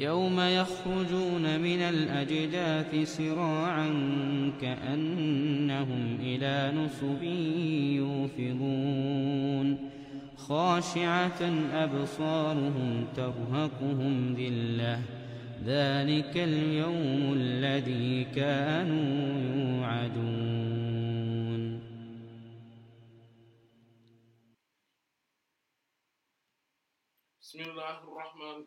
يوم يخرجون من الأجداث سراعا كأنهم إلى نصب يوفضون خاشعة أبصارهم ترهقهم ذلة ذلك اليوم الذي كانوا يوعدون بسم الله الرحمن الرحيم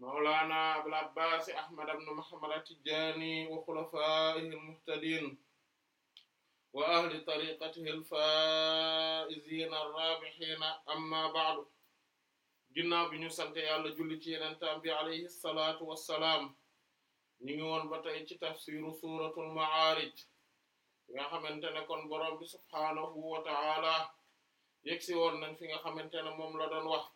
mawlana abul abbas ahmad ibn muhammad at-tijani wa khulafaihi al wa ahli tariqatihi al-faizin amma ba'du ginnaaw bi ñu sante yàlla julli ci yenentaan bi alayhi salatu wassalaam ñu ngi woon ba tey ci tafsiru suratul ma'arij nga xamante ne kon borom bi subhaanahu wa ta'ala yegsi woon nañ fi nga xamante ne moom la doon wax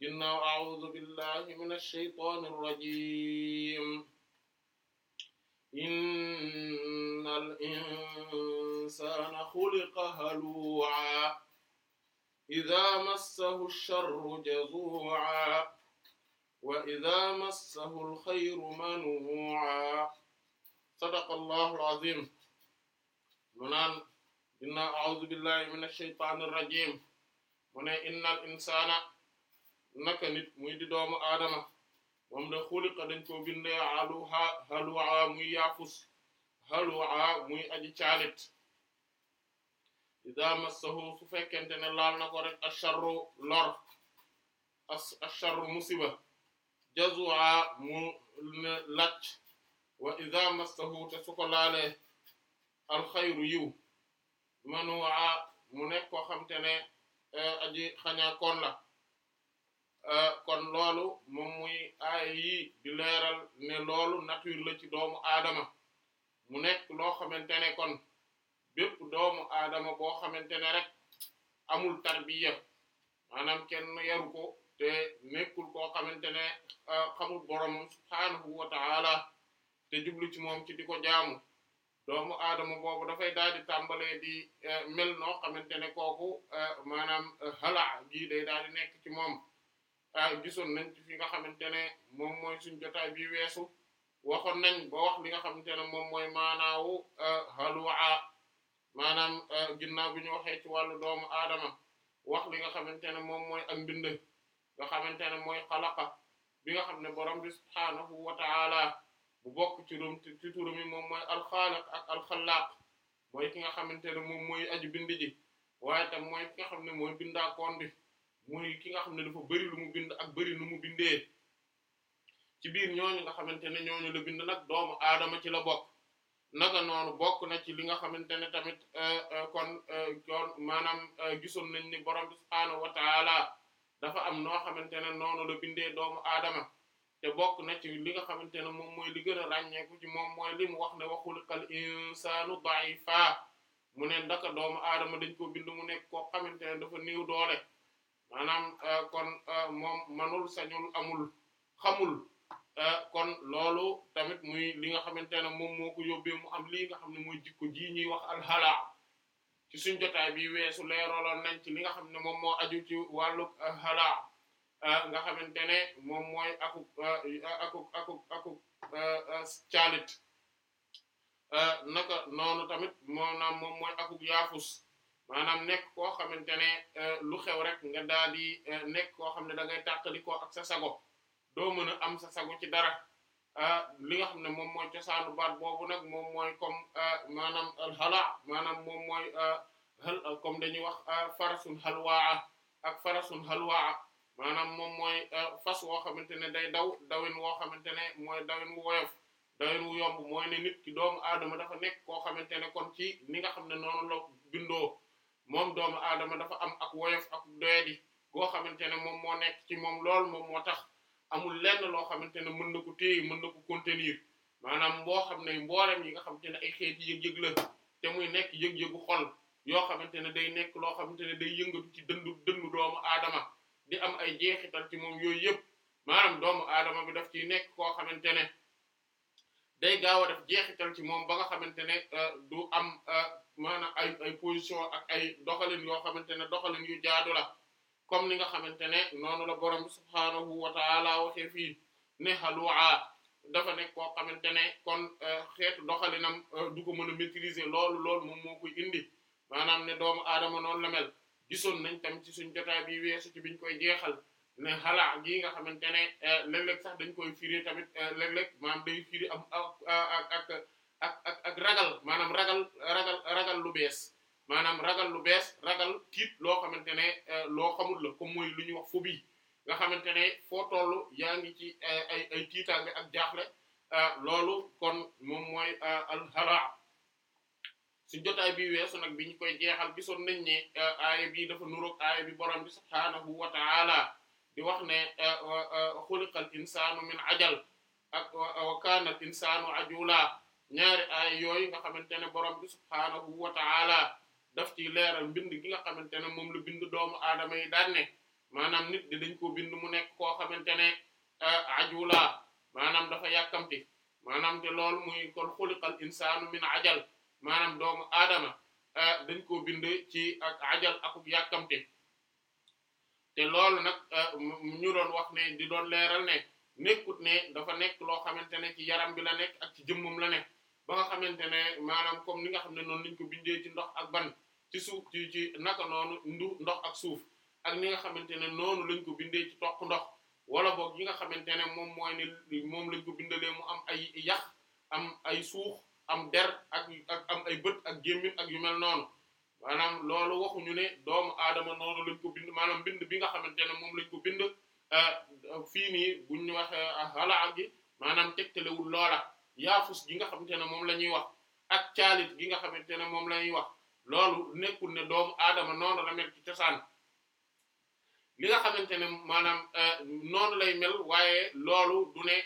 ginnaaw a'uuzu billahi min ash-shaytaani rajiim inna al-insaana xuliqa haluu'an izaa massahu ash-sharru jazuu'an wa izaa massahu al-xayru manuu'an sadaqallahu al-aziim mu naan ginnaaw a'uuzu billahi min ash-shaytaani rajiim mu ne inna al-insaana naka nit muy di doomu aadama moom da xuliqa dañ koo bindee aluha haluwa muy yaafus haluwa muy aji caalit ida massahu su fekkente ne laal na ko rek asharru lor asharru musiba jazua mu lacc wa ida massahu te su ko laalee alxayru yiw manua mu nekk koo xam te ne eh, aji xañaakoon la Euh, kon loolu moom muy aay di leeral ne loolu nature la ci doomu aadama mu nekk loo xamante ne kon bépp doomu aadama boo xamante ne rek amul tarbiya maanaam kenn yaru ko te nekkul koo xamante ne euh, xamul boromam subhaanahu wa ta'ala te jublu ci moom ci di ko jaamu doomu aadama boobu dafay daal di tàmbalee di euh, mel noo xamante ne kooku maanaam xala gii day daal di nekk ci moom gisoon nañ ci fi nga xamante ne moom mooy suñ jotaay bi weesu waxoon nañ ba wax li nga xamante ne moom mooy maanaawu euh, halwa maanaam euh, ginnaaw bi ñu waxee ci wàllu doomu aadama wax li nga xamante ne moom mooy ak mbind nga xamante ne mooy xalaqa bi nga xam ne borom bi subhaanahu wa ta'ala bu bokk ci rum ci turam yi moom mooy ki nga xamante ne moom mooy aji bind ji waaye tam mooy ki nga xam ne mooy bindaakoon muy ki nga xam ne dafa bëri lu mu bind ak bëri lu mu bindee ci biir ñooñu nga xamante ne ñooñu la bind nag doomu aadama ci la bokk naka noonu bokk na ci li nga xamante ne tamit euh, euh, kon euh, kon maanaam gisoon nañ ni borom bi subhaanahu wa taala dafa am noo xamante ne noonu la bindee doomu aadama te bokk na ci li nga xamante ne moom mooy li gën a ràññeeku ci moom mooy li mu wax ne wa xuliqal insaanu da'ifa mu ne ndaka doomu aadama dañ ko bind mu nekk koo xamante ne dafa néew doole maanaam euh, kon euh, moom manul sañul amul xamul euh, kon loolu tamit muy li nga xamante ne moom moo ko mu am lii nga xam ne mooy jikko ji ñuy wax alxalaa ci suñ jotaay bi weesu leeraloon nañ ci li nga xam ne moom moo aju ci wàllug alxalaa nga xamante ne moom mooy akuk akuk akuk akuk caalit naka noonu tamit moo naam moom akuk yaafus maanaam nekk koo xamante ne euh, lu xew rek nga daal di euh, nekk koo xam ne da ngay tàqali ak sa sago doo mën a am sa sago ci dara euh, li nga xam ne moom mooy cosaanu baat boobu nag moom mooy comme maanaam alhala maanaam moom mooy comme dañuy wax farasun ak farasun halwaa maanaam moom mooy fas woo xamante ne day daw dawin woo xamante ne mooy dawin wu woyof dawin wu yomb mooy ne nit ki doomu aadama dafa nekk koo xamante ne kon ci ni nga xam ne noonu la bindoo moom doomu aadama dafa am ak woyof ak doyadi goo xamante ne moom moo nekk ci moom lool moom moo tax amul lenn loo xamante ne mën na ko téye mën na ko contenir maanaam mboo xam ne mboolem yi nga xamante ne ay xeeti yëg-yëg la te muy nekk yëg-yëgu xol yoo xamante ne day nekk loo xamante ne day yëngatu ci dëndu dëndu doomu aadama di am ay jeexital ci moom yooyu yëpp maanaam doomu aadama bi daf ci nekk koo xamante ne day gaaw a def jeexital ci moom ba nga xamante ne euh, du am euh, maanaam ay ay position ak ay doxalin yoo xamante ne doxalin yu jaadu la comme ni nga xamante ne noonu la borom bi subhaanahu wa taala waxee fii ne xaluwaa dafa nekk koo xamante ne kon euh, xeetu doxalinam du ko mën a maîtriser loolu loolu moo koy indi maanaam ne doomu aadama noonu la mel gisoon nañ tam ci suñ jotaay bi weesu ci biñ koy jeexal ne xalaa gi nga xamante ne euh, léeg sax dañ koy firi tamit euh, léeg-léeg maanaam day firi am ak ragal maanaam ragal ragal ragal lu bees maanaam ragal lu bees ragal tiit loo xamante ne euh, loo xamul la comme mooy lu ñuy wax phobie nga xamante ne foo toll yaa ngi ci ay ay tiitaange ak jaaxle loolu kon moom mooy al xalaa suñ jotaay bi weesu nag bi ñu koy jeexal gisoon nañ ne aaya bi dafa nuroog aaya bi borom bi subhaanahu wa ta'ala di wax ne eh, eh, eh, xuliqal insaanu min ajal ak wa kaanal insaanu ajula ñaari aay yooyu nga xamante ne borom bi subhaanahu wa daf ci leeral mbind gi nga xamante ne moom la bind doomu aadama yi daan ne maanaam nit di dañ koo bind mu nekk koo xamante ne ajula maanaam dafa yàkkamti maanaam te lool muy kon xuliqal insaanu min ajal maanaam doomu aadama dañ ko bind ci ak ajal akub yàkkamti te loolu nag euh, ñu doon wax ne di doon leeral ne nekkut ne dafa nekk loo xamante ne ci yaram bi la nekk ak ci jëmmum la ne ba nga xamante ne maanaam comme ni nga xam ne noonu lañ ko bindee ci ndox ak ban ci suuf ci ci naka noonu ndu ndox ak suuf ak ni nga xamante ne noonu lañ ko bindee ci toq ndox wala boog yi nga xamante ne moom mooy ne moom lañ ko bindalee mu am ay yax am ay suuf am der ak ak am ay bët ak gémmiñ ak yu mel noonu maanaam loolu waxuñu ne doomu aadama noonu lañ ko bind bi nga xamante ne moom lañ ko bind euh, fii nii buñ wax euh, xalaat gi maanaam tegtalewul loola yaafus gi nga xamante ne moom la ñuy wax ak caalit gi nga xamante ne moom la wax loolu nekkul ne doomu aadama noonu la mel ci li nga xamante ne maanaam euh, noonu lay mel waaye loolu du ne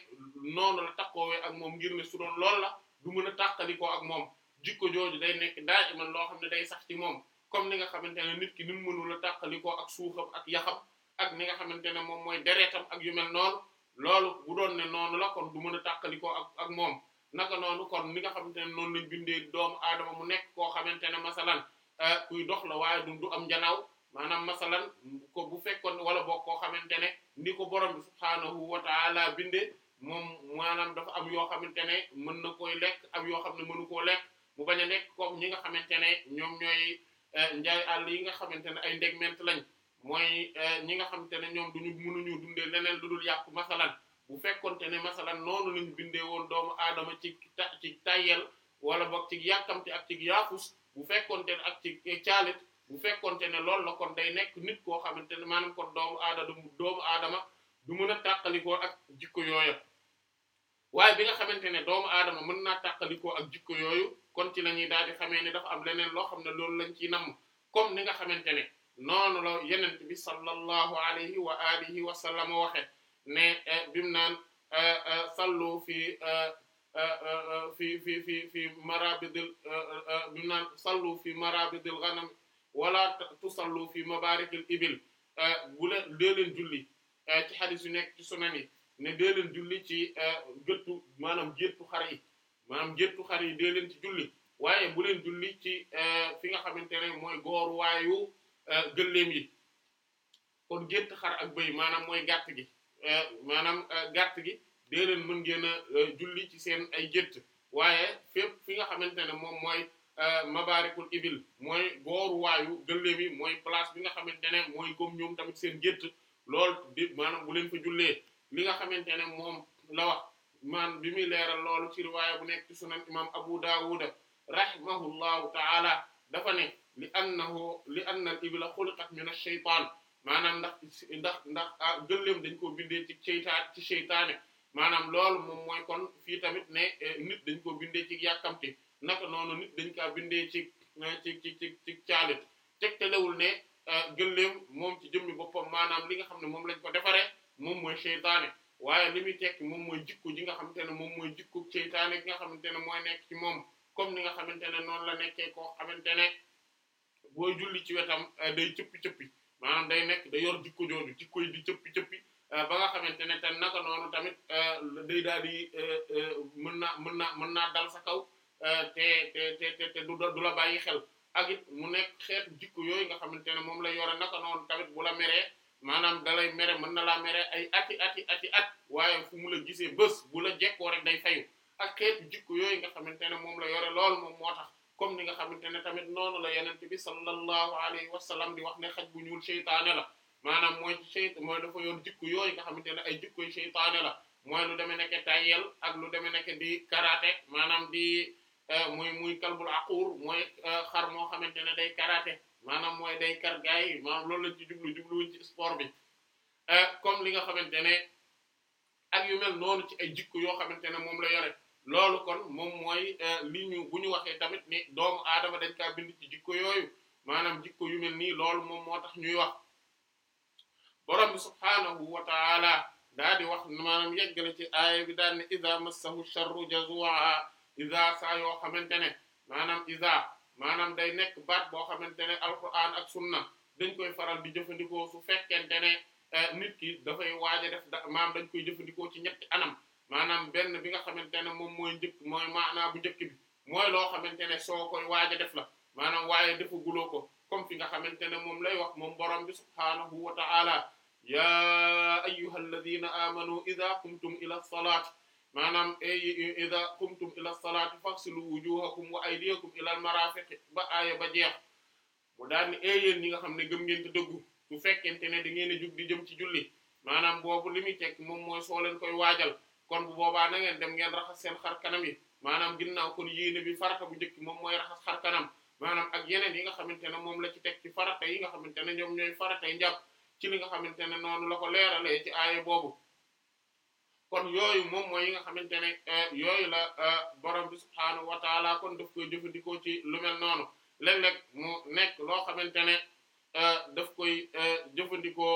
noonu la takkoowe ak moom ngir ne su doon loolu la du mën a tàqali ak moom jikko jooju day nekk daa iman loo xam ne day sax ci moom comme ni nga xamante ne nit ki ni mu mënul a tàqalikoo ak suuxam ak yaxam ak ni nga xamante ne moom mooy deretam ak yu mel noonu loolu bu doon noonu la kon mën a tàqalikoo ak ak moom naka noonu kon ni nga xamante ne noonu lañ bindee doomu aadama mu nekk koo xamante ne masalan euh, kuy dox la waaye du am njanaaw maanaam masalan ko bu fekkoon wala boo koo xamante ne ni ko borom bi subhaanahu wa taala bindee moom maanaam dafa am yoo xamante ne mën na koy lekk am yoo xam ne mënu koo lekk mu bañ a nekk comme ñi nga xamante ne ñoom ñooy euh, njaay àll yi nga xamante ne ay ndegment lañ mooy euh, ñi nga xamante ne ñoom duñu ñu dundee leneen lu dul yàpp masalan bu fekkonte ne masalan noonu lañ bindee woon doomu aadama ci ci tayyel wala boog ci yàkkamti ak ci yaafus bu fekkonte ne ak ci eh, caalit bu fekkonte ne loolu la day nekk nit koo xamante ne maanaam kon doomu aadama doomu aadama du mën a tàqalikoo ak jikko yooya waaye bi nga xamante ne doomu aadama mën naa tàqalikoo ak jikko yooyu kon ci la ñuy daal di xamee ne dafa am leneen loo xam ne loolu lañ ciy nam comme ni nga xamante ne noonu la yenent bi sallallahu alayhi wa alihi wa sallam waxe ne eh, bim naan eh, eh, sallu fi fi fi fi fi marabidil bim naan sallu fi marabidil ghanam wala tusallu fi mabarikil ibil bu leen dee leen julli ci xadis yu nekk ci sunan yi ne dee leen julli ci gëttu maanaam géttu xar yi maanaam géttu xar yi dee leen ci julli waaye bu leen julli ci eh, fi nga xamante ne mooy góor waayu eh, gëléem yi kon gétt xar ak bëy maanaam mooy gàtt gi eh, maanaam gàtt gi dee mën ngeen a julli ci seen ay gétt waaye fépp fi nga xamante ne moom mooy mabarikul ibil mooy góor waayu gëléem mooy place bi nga xamante ne mooy comme ñoom tamit seen gétt lool di maanaam bu leen fa jullee li nga xamee ne moom la maan bi muy leeral loolu ci riwaaya bu nekk ci sunan imam abu dawuda rahimahullahu taala dafa ne li annahu li anna al ibla xuliqat min ash-shaytaan maanaam ndax ndax ndax ah, gëléem dañ koo bindee ci seytaan ci seytaane maanaam loolu moom mooy kon fii tamit ne eh, nit dañ koo bindee ci yàkkamti naka noonu nit dañ bindee ci eh, ci ci ci ci caalit tegtalewul ne ah, gëléem moom ci jëmmi boppam maanaam li nga xam ne moom lañ ko defaree moom mooy seytaane waaye li muy tekki moom mooy jikko ji nga xamante ne moom mooy jikko ceytaane gi nga xamante ne mooy nekk ci moom comme ni nga xamante ne noonu la nekkee koo xamante ne boo julli ci wetam euh, day cëppi cëppi maanaam day nekk yor jikko jooju jikko yi di cëppi euh, ba nga xamante ne te naka noonu tamit euh, day daal di mën naa mën naa mën naa dal sa kaw te te te te du la bàyyi xel ak it mu nekk xeet jikko yooyu nga xamante ne moom la yore naka noonu tamit bu la maanaam dalay mere mën na laa mere ay ati ati ati at waaye fu mu la gisee bés bu la jekkoo rek day fayu ak xeetu jikko yooyu nga xamante ne moom la yore lool moom moo tax comme ni nga xamante ne tamit noonu la yenente bi sallallahu alayhi wa sallam di wax ne xaj bu ñuul seytaane la maanaam mooy seyt mooy dafa yoon jikko yooyu nga xamante ne ay jikko yu seytaane la mooy lu demee nekk tayel ak lu demee nekk di karaté maanaam di euh, muy muy kalbul aquur mooy euh, xar moo xamante ne day karaté maanaam mooy day kar gars yi maanaam loolu lañ ci jublu jubluwuñ ci sport bi euh, comme li nga xamante ne ak yu mel noonu ci ay jikko yoo xamante ne moom la yore loolu kon moom mooy euh, li ñu bu ñu waxee tamit ni doomu aadama dañ kaa jikko yooyu maanaam jikko yu mel nii loolu moom moo tax ñuy wax borom bi subhaanahu wa taala di wax maanaam yegg na ci aaya bi daan ne iza massahu sharru jazua iza saa yoo xamante ne maanaam iza maanaam day nekk baat boo xamante ne alquran ak sunna dañ koy faral di jëfandikoo su fekkente ne eh, nit ki dafay waaj a def maanaam dañ koy jëfandikoo ci ñetti anam maanaam benn bi nga xamante ne moom mooy njëkk mooy maanaa bu njëkk bi mooy loo xamante ne soo koy waaj a def la maanaam waaye defaguloo ko comme fi nga xamante ne moom lay wax moom borom bi subhaanahu wa ta'ala ya ayyuhalladhina amanu idha qumtum ila salati maanaam idha qumtum ila salati faghsilu wujuhakum wa aydiyakum ila al marafiqi ba aaya ba jeex mu daal ni yéen ñi nga xam ne gëm ngeen te dëggu su fekkente ne da ngeen a jug di jëm ci julli maanaam boobu li muy tekk moom mooy soo leen koy waajal kon bu boobaa na ngeen dem ngeen raxas seen xar kanam yi maanaam ginnaaw kon yéene bi farata bu njëkk moom mooy raxas xarkanam kanam maanaam ak yeneen yi nga xamante ne moom la ci teg ci farata yi nga xamante ne ñoom ñooy faratay njàpp ci li nga xamante ne noonu la ko leeralee ci aaya boobu kon yooyu moom mooy yi nga xamante ne eh, yooyu la eh, borom bi subhaanahu kon def koy jëfandikoo ci lu mel noonu léeg mu nekk loo xamante ne eh, daf koy jëfandikoo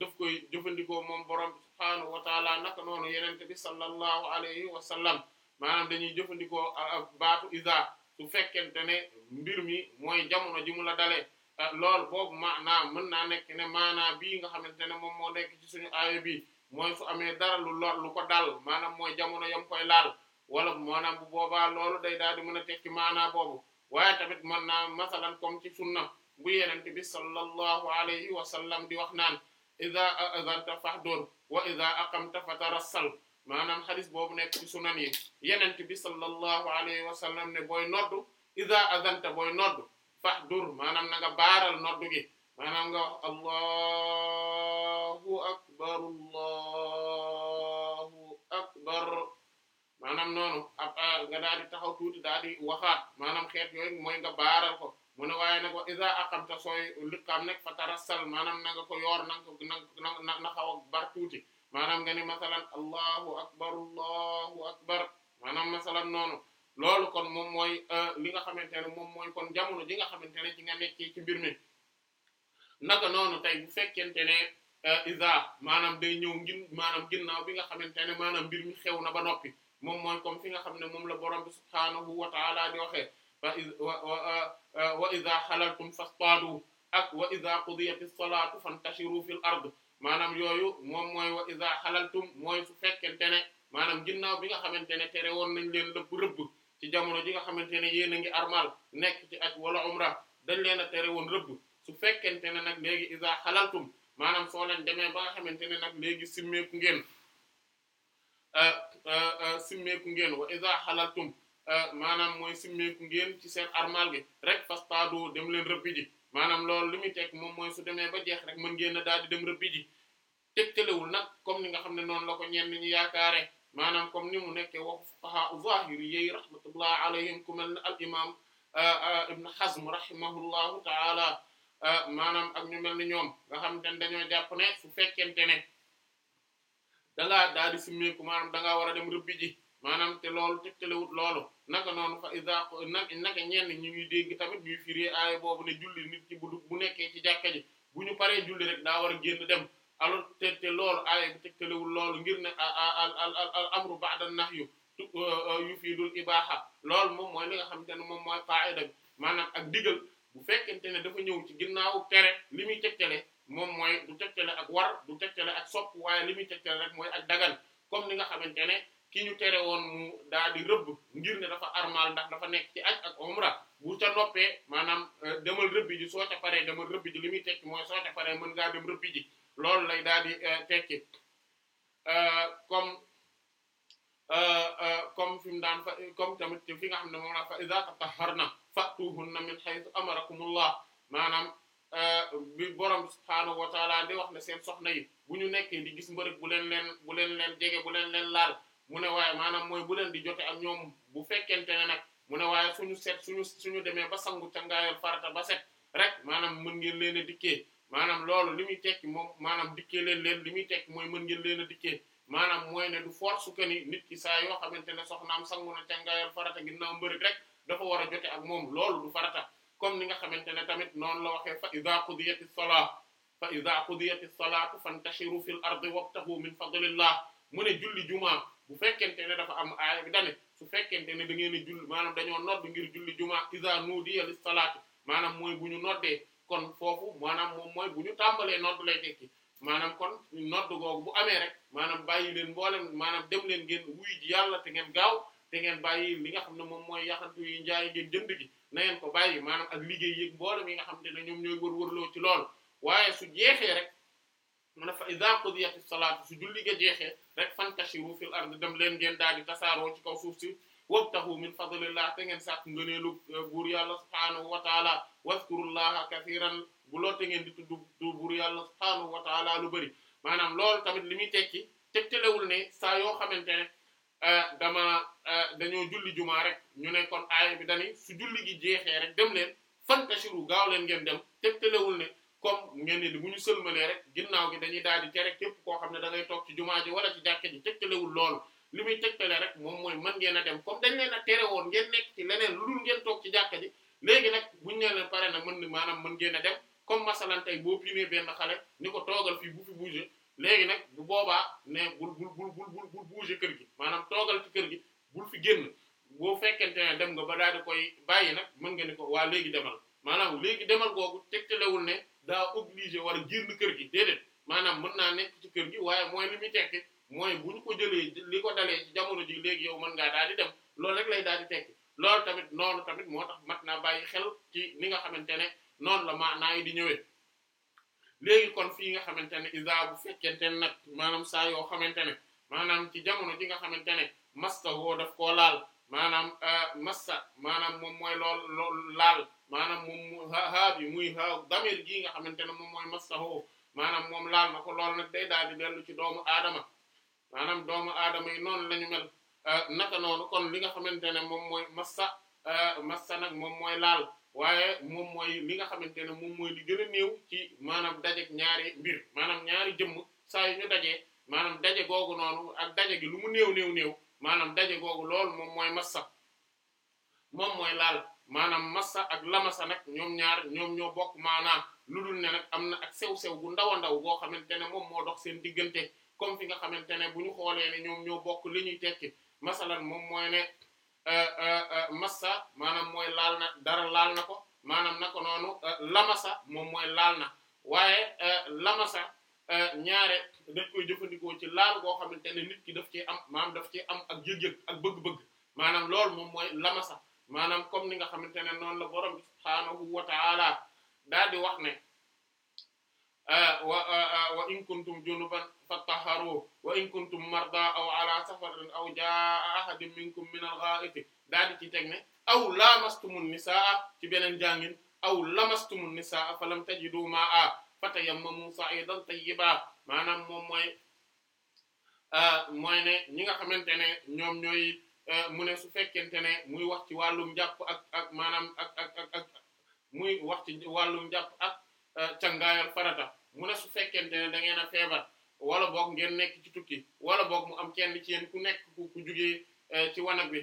daf koy jëfandikoo moom borom bi subhaanahu naka noonu yeneen bi sallallahu alayhi wa sallam maanaam dañuy jëfandikoo baatu iza su fekkente ne mbir mi mooy jamono ji mu la dalee. Eh, lool boobu maanaam mën naa nekk ne maanaam bii nga xamante ne moom moo nekk ci suñu aaya bi mooy fu amee dara lu lor lu ko dal maanaam mooy jamono yam koy laal wala maanaam bu boobaa loolu day daal di mën a tekki maanaam boobu waaye tamit mën naa masalan ci sunna bu yenente bi sallallahu alayhi wa sallam di wax naan ida azanta fahdur wa ida aqamta fatarassal maanaam xadis boobu nekk ci sunan yi yenente bi sallallahu alayhi wa sallam ne booy noddu ida azanta booy noddu fahdur maanaam na nga baaral noddu gi maanaam nga wax allahu akbar allahu akbar maanaam noonu ab nga daal di taxaw tuuti daal di waxaat maanaam xeet yooyu mooy nga baaral ko mu ne waaye nag wa iza aqamta sooy liqaam nekk fatarassal maanaam na nga ko yoor na nga ko na na xaw a bar tuuti maanaam nga ni masalan allahu akbar allahu akbar maanaam masalan noonu loolu kon moom mooy euh, li nga xamante ne moom mooy kon jamono ji nga xamante ne ci nga nekkee ci mbir mi naka noonu tey bu fekkente ne euh, isa maanaam day ñëw ngin maanaam ginnaaw bi nga xamante ne maanaam mbir mi na ba noppi moom mooy comme fi nga xam ne moom la borom bi subhaanahu wa taala di waxee wa isa xalaltum euh, fastaadu ak wa isa qudiyati salaatu fantashiru fil maanaam yooyu moom mooy wa isa mooy su fekkente ne maanaam ginnaaw bi nga xamante ne tere woon nañ leen lëpp rëbb ci jamono ji nga xamante ne yéen a ngi armal nekk ci aj wala umra dañ leen a tere woon rëbb su fekkente ne nag léegi iza xalaltum maanaam soo leen demee ba nga xamante ne nag léegi simmeeku ngeen euh, euh, euh, simmeeku ngeen wa iza xalaltum maanaam mooy simmeeku ngeen ci seen armal gi rek fastado dem leen rëbbi ji maanaam loolu li muy teg moom mooy su demee ba jeex rek mën ngeen a daal di dem rëbbi ji tegtalewul nag comme ni nga xam ne noonu la ko ñenn ñi yaakaare maanaam comme ni mu nekkee waxu fuqaha zahiri yi rahmatullah alayhim ku mel ne al imam uh, uh, ibn hazm rahimahullahu taala uh, maanaam ak ñu mel ni ñoom nga xam te ne dañoo jàpp ne su fekkente ne da ngaa daal di simmeeku maanaam da ngaa war a dem rëbbi ji maanaam te loolu tegtalewut loolu naka noonu fa isa naka ñenn ñu ngi dégg tamit ñuy firi aaya boobu ne julli nit ci bu bu nekkee ci jàkka ji bu ñu paree julli rek daa war a génn dem alors te te loolu aaya bi tegtalewul loolu ngir ne al al al amru ba'da nahyu euh, euh, yufidul ibaha loolu moom mooy li nga xamante ne moom mooy qaida bi maanaam ak digal bu fekkente ne dafa ñëw ci ginnaaw tere li muy tegtale moom mooy du tegtale ak war du tegtale ak sopp waaye li muy tegtale rek mooy ak dagal comme ni nga xamante ne ki ñu tere woon mu daal di rëbb ngir ne dafa armal ndax dafa nekk ci ak ak umra bu ca noppee maanaam euh, demal rëbbi ji soo ca paree demal rëbbi ji li muy tekki mooy soo ca paree mën loolu lay daal di eh, tekki eh, comme eh, comme fi mu daan fa comme tamit fi nga xam ne moom la fa iza na fa'tuhunna min haythu amarakumullah maanaam bi borom subhaanahu wa ta'ala di wax ne seen soxna yi bu ñu nekkee di gis mbërëg bu leen leen bu leen leen jege bu leen leen laal mu ne waaye maanaam mooy bu leen di jote ak ñoom bu fekkente ne nag mu ne waaye su ñu set suñu suñu demee ba sangu cangaayal farata ba set rek maanaam mën ngeen leen a dikkee maanaam loolu li muy tekki moom maanaam dikkee leen leen li muy tekki mooy mën ngeen leen a dikkee maanaam mooy ne du force que ni nit ki saa yoo xamante ne soxnaam sangu na càngaayal farata ginnaaw mbërëg rek dafa war a jote ak moom loolu du comme ni nga xamante ne tamit noonu la waxee fa idha qudiyati salat fa idha qudiyati salatu fantashiru fil ardi wabtahu min fadlillah mu ne julli jumaa bu fekkente ne dafa am aaya bi dane su fekkente ne da ngeen a julli maanaam dañoo nodd ngir julli jumaa idha nudiya lis salati maanaam mooy bu ñu noddee kon foofu maanaam moom mooy bu ñu tàmbalee nodd lay tekki maanaam kon nodd googu bu amee rek maanaam bàyyi leen mboolem maanaam dem leen ngeen wuy ji yàlla te ngeen gaaw te ngeen bàyyi li nga xam ne moom mooy yaxantu yi njaay ngeen jënd gi na ngeen ko bàyyi maanaam ak liggéey yëg mboolem yi nga xam ne ñoom ñooy wër-wërloo ci loolu waaye su jeexee rek mu ne fa iza qudiyati salaatu su julli ga jeexee rek fantashiru fil ard dem leen ngeen daal di tasaaroo ci si taxu min fadlillah te ngeen sàkk ngëneelu eh, buur yàlla subhaanahu wa taala wazkurullaha kathiran bu lool te ngeen di tudd buur yàlla subhaanahu wa taala lu bari maanaam lool tamit li muy tekki telewul ne saa yoo xamante ne eh, dama eh, dañoo julli jumaa rek ñu nekkoon kon bi dani su julli gi jeexee rek dem leen fantashiru gaaw leen ngeen dem tegtalewul ne comme ngeen ni bu ñu sëlmalee rek ginnaaw gi dañuy daal di tere képp koo xam ne da toog ci jumaa ji wala ci jàkka ji tegtalewul loolu li muy tegtale rek moom mooy man ngeen a dem comme dañ leen a tere woon ngeen nekk ci leneen lu dul ngeen toog ci jàkka ji léegi nag buñ nee leen pare na mën ni maanaam mën ngeen a dem comme masalan tey boo pinee benn xale ni ko toogal fii bu fi bouger léegi nag bu boobaa ne bul bul bul bul bul bouger kër gi maanaam toogal ci kër gi bul fi génn boo fekkente ne dem nga ba daal di koy bàyyi nag mën nga ni ko waa léegi demal maanaam léegi demal googu tegtalewul ne daa obligé war a kër gi déedéet maanaam mën naa nekk ci kër gi waaye mooy li muy tekki mooy bu ñu ko jëlee li ko dalee ci jamono ji léegi yow mën nga daal di dem lool rek lay daal di tekki tamit noonu tamit moo tax mat naa bàyyi xel ci ni nga xamante ne noonu la naa yi di ñëwee léegi kon fii nga xamante ne isa bu fekkente ne nag maanaam saa yoo xamante ne maanaam ci jamono ji nga xamante ne masta woo daf koo laal maanaam euh, massa maanaam moom mooy lool lool laal maanaam moom haab yi muy ha damir gii nga xamante ne moom mooy massa woo maanaam moom laal na ko lool nag day daal di dellu ci doomu aadama maanaam doomu aadama yi noonu lañu ñu mel euh, naka noonu kon li nga xamante ne moom mooy massa euh, massa nag moom mooy laal waaye moom mooy li nga xamante ne moom mooy li gën a néew ci maanaam dajeeg ñaari mbir maanaam ñaari jëmm saa yu maanaam daje googu noonu ak daje gi lu mu néew néew néew maanaam daje googu loolu moom mooy massa moom mooy laal maanaam massa ak lamasa nag ñoom ñaar ñoom ñoo bokk maanaam lu dul ne nag am na ak sew-sew gu ndaw a ndaw goo xamante ne moom moo dox seen diggante comme fi nga xamante ne bu ñu xoolee ne ñoom ñoo bokk li ñuy tekki masalan moom mooy ne euh, euh, euh, massa maanaam mooy laal na dara laal na ko maanaam naka noonu lamasa moom mooy laal na waaye lamasa ñaare dañ koy jëfandikoo ci laal goo xamante ne nit ki daf ci am maanaam daf ci am ak yëg-yëg ak bëgg-bëgg maanaam lool moom mooy lamasa maanaam comme ni nga xamante ne noonu la borom bi subhaanahu wa taala daal di wax ne Ah, ah, ah, wa in kuntum junuban fattaharu wa in kuntum marda aw ala safarin aw jaa ahadun minkum min al-gha'iti daal di ci teg ne aw lamastumun nisaa ci beneen jàngin aw a nisaa falam tajidu ma'a fatayammamu sa'idan tayyiba maanaam moom mooy mooy ne ñi nga xamante ne ñoom ñooy mu su fekkente ne muy wax ci wàllum jàpp ak ak maanaam ak muy wax ci wàllum jàpp ak Euh, cangaayal farata mu ne su fekkente ne da ngeen a feebar wala boog ngeen nekk ci tukki wala boog mu am kenn ci yéen ku nekk ku ku jugee euh, ci wanag bi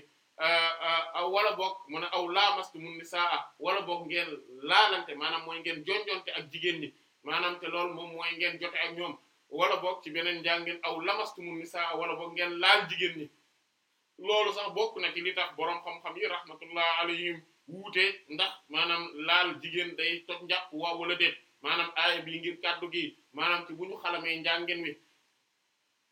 euh, wala boog mu ne aw laamastu mun ni saa wala boog ngeen laalante maanaam mooy ngeen jonjonte ak jigéen ñi maanaam te loolu moom mooy ngeen jote ak ñoom wala boog ci beneen njàngin aw lamastu mun ni saa wala boog ngeen laal jigéen ñi loolu sax bokk na ci li tax boroom xam-xam yi rahmatullah alayhim wuute ndax maanaam laal jigéen day toj njàpp waaw la de maanaam aaya bi ngir kàddu gi maanaam ci bu ñu xalamee njàngeen wi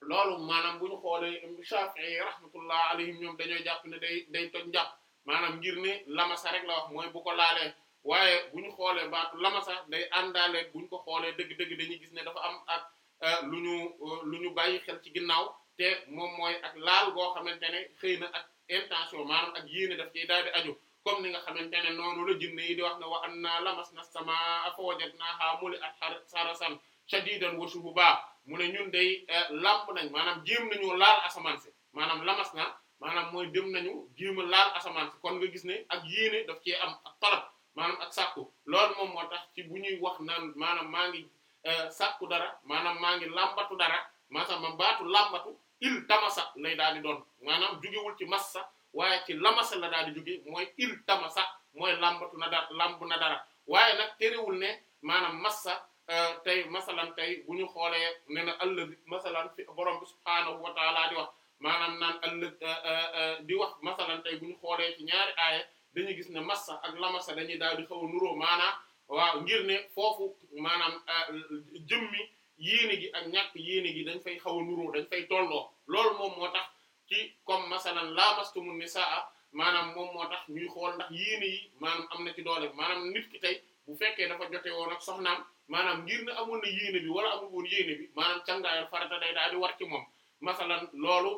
loolu maanaam bu ñu xoolee Shafi'i rahmatullah alayhim ñoom dañoo jàpp ne day day toj njàpp maanaam ngir ne lamasa rek la wax mooy bu ko laalee waaye bu ñu xoolee baatu lamasa day àndaale bu ko xoolee dëgg-dëgg dañuy gis ne dafa am ak euh, lu ñu euh, lu ñu bàyyi xel ci ginnaaw te moom mooy ak laal goo xamante ne xëy na ak intention maanaam ak yéene daf ciy daal di aju comme ni nga xamante ne noonu la jinne yi di wax ne wa anna lamasna samaa fa wajadnaha muli'at harasan shadidan wa shuhuba mu ne ñun day eh, lamp nañ maanaam jéem nañu laal asamaan si maanaam lamas na maanaam mooy dem nañu jéem a laal asamaan kon nga gis ne ak yéene daf cee am ak talab maanaam ak sàkku lool moom moo tax ci bu ñuy wax naan maanaam maa ngi eh, sàkku dara maanaam maa ngi lambatu dara maanaam ma baatu lambatu il tamasa lay daal di doon maanaam jugewul ci massa waaye ci lamasa la daal di jóge mooy il tamasa mooy lambatu na dara lamb na dara waaye nag terewul ne maanaam massa euh, tey masalan tey bu ñu xoolee ne na allah masalan fi borom bi subhaanahu wa taala di wax maanaam naan euh, euh, di wax masalan bu ñu xoolee ci ñaari aaya dañuy gis ne massa ak lamasa dañuy daal di xaw a nuroo maanaam waaw ngir ne foofu maanaam jëmmi yéene gi ak ñàkk yéene gi dañ fay xaw a nuroo dañ fay tolloo loolu moom moo tax ci comme masalan lamastumu nisaa maanaam moom moo tax ñuy xool ndax yéene yi maanaam am na ci doole maanaam nit ki tey bu fekkee dafa jote woon ak soxnaam maanaam ngir ne amoon na yéene bi wala amul woon yéene bi maanaam cangaayal farata day daal di war ci moom masalan loolu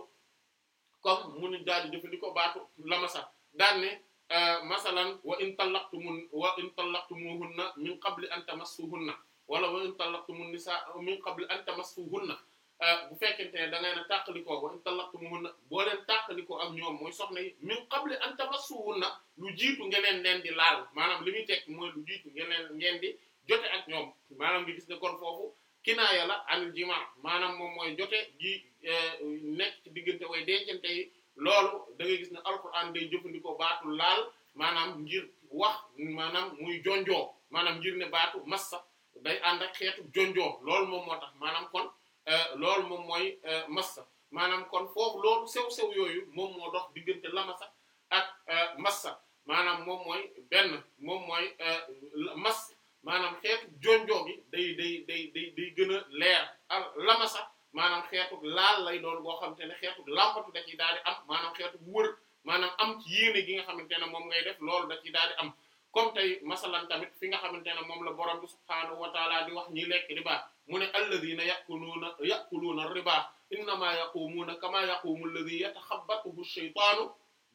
comme munu daal di jëfandikoo baatu lamasa daan ne euh, masalan wa in tallaqtumun wa in tallaqtumuhunna min qabli an tamassuhunna wala wa in tallaqtumun nisaa min qabli an tamassuhunna Ah, bu fekkente ne da ngay na tàqalikoo wa talaqtumuhunna boo leen tàqalikoo ak ñoom mooy soxna yi min qabli an tamassuhunna lu jiitu ngeen leen di laal maanaam li muy tekk mooy lu jiitu ngeen leen ngeen di jote ak ñoom maanaam di gis ne kon foofu kinaaya la anil jimaa maanaam moom mooy jote gi eh, nekk ci diggante way dencante yi loolu da gis ne alquran day jëfandikoo baatu laal maanaam ngir wax maanaam muy jonjoo maanaam ngir ne baatu massa day ànd ak xeetu jonjoo loolu moom moo tax maanaam kon Euh, loolu moom mooy euh, massa maanaam kon foofu loolu sew-sew yooyu moom moo dox diggante lamasa ak euh, massa maanaam moom mooy benn moom mooy mas maanaam xeetu jonjoo gi day day day day day gën a leer al lamasa maanaam xeetu laal lay doon goo xam ne xeetu làmpatu da ciy daal di am maanaam xeetu wër maanaam am ci gi nga xamante ne moom ngay def loolu da ciy daal di am comme tey masalan tamit fi nga xamante ne moom la borom bi subhaanahu wa taala wax ñi lekk di baax mu ne alladhina ya'kuluna ya'kuluna riba innama yaqumuna kama yaqumu alladhi yatakhabbathu ash-shaytanu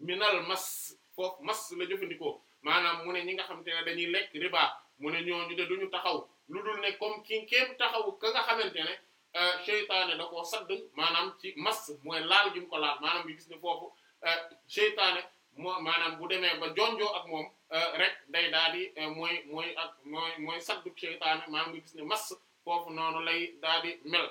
min al-mas foofu mas la jëfandikoo maanaam mu ne ñi nga xamante ne dañuy lekk riba mu ne ñooñu de duñu taxaw lu dul ne comme ki kéem taxaw ka nga xamante ne euh, seytaane da koo sadd maanaam ci mas mooy laal gi mu ko laal maanaam bi gis ne foofu euh, seytaane moo maanaam bu demee ba jonjoo ak moom euh, rek day daal mooy mooy ak mooy mooy saddu gis ne mas foofu noonu lay daal mel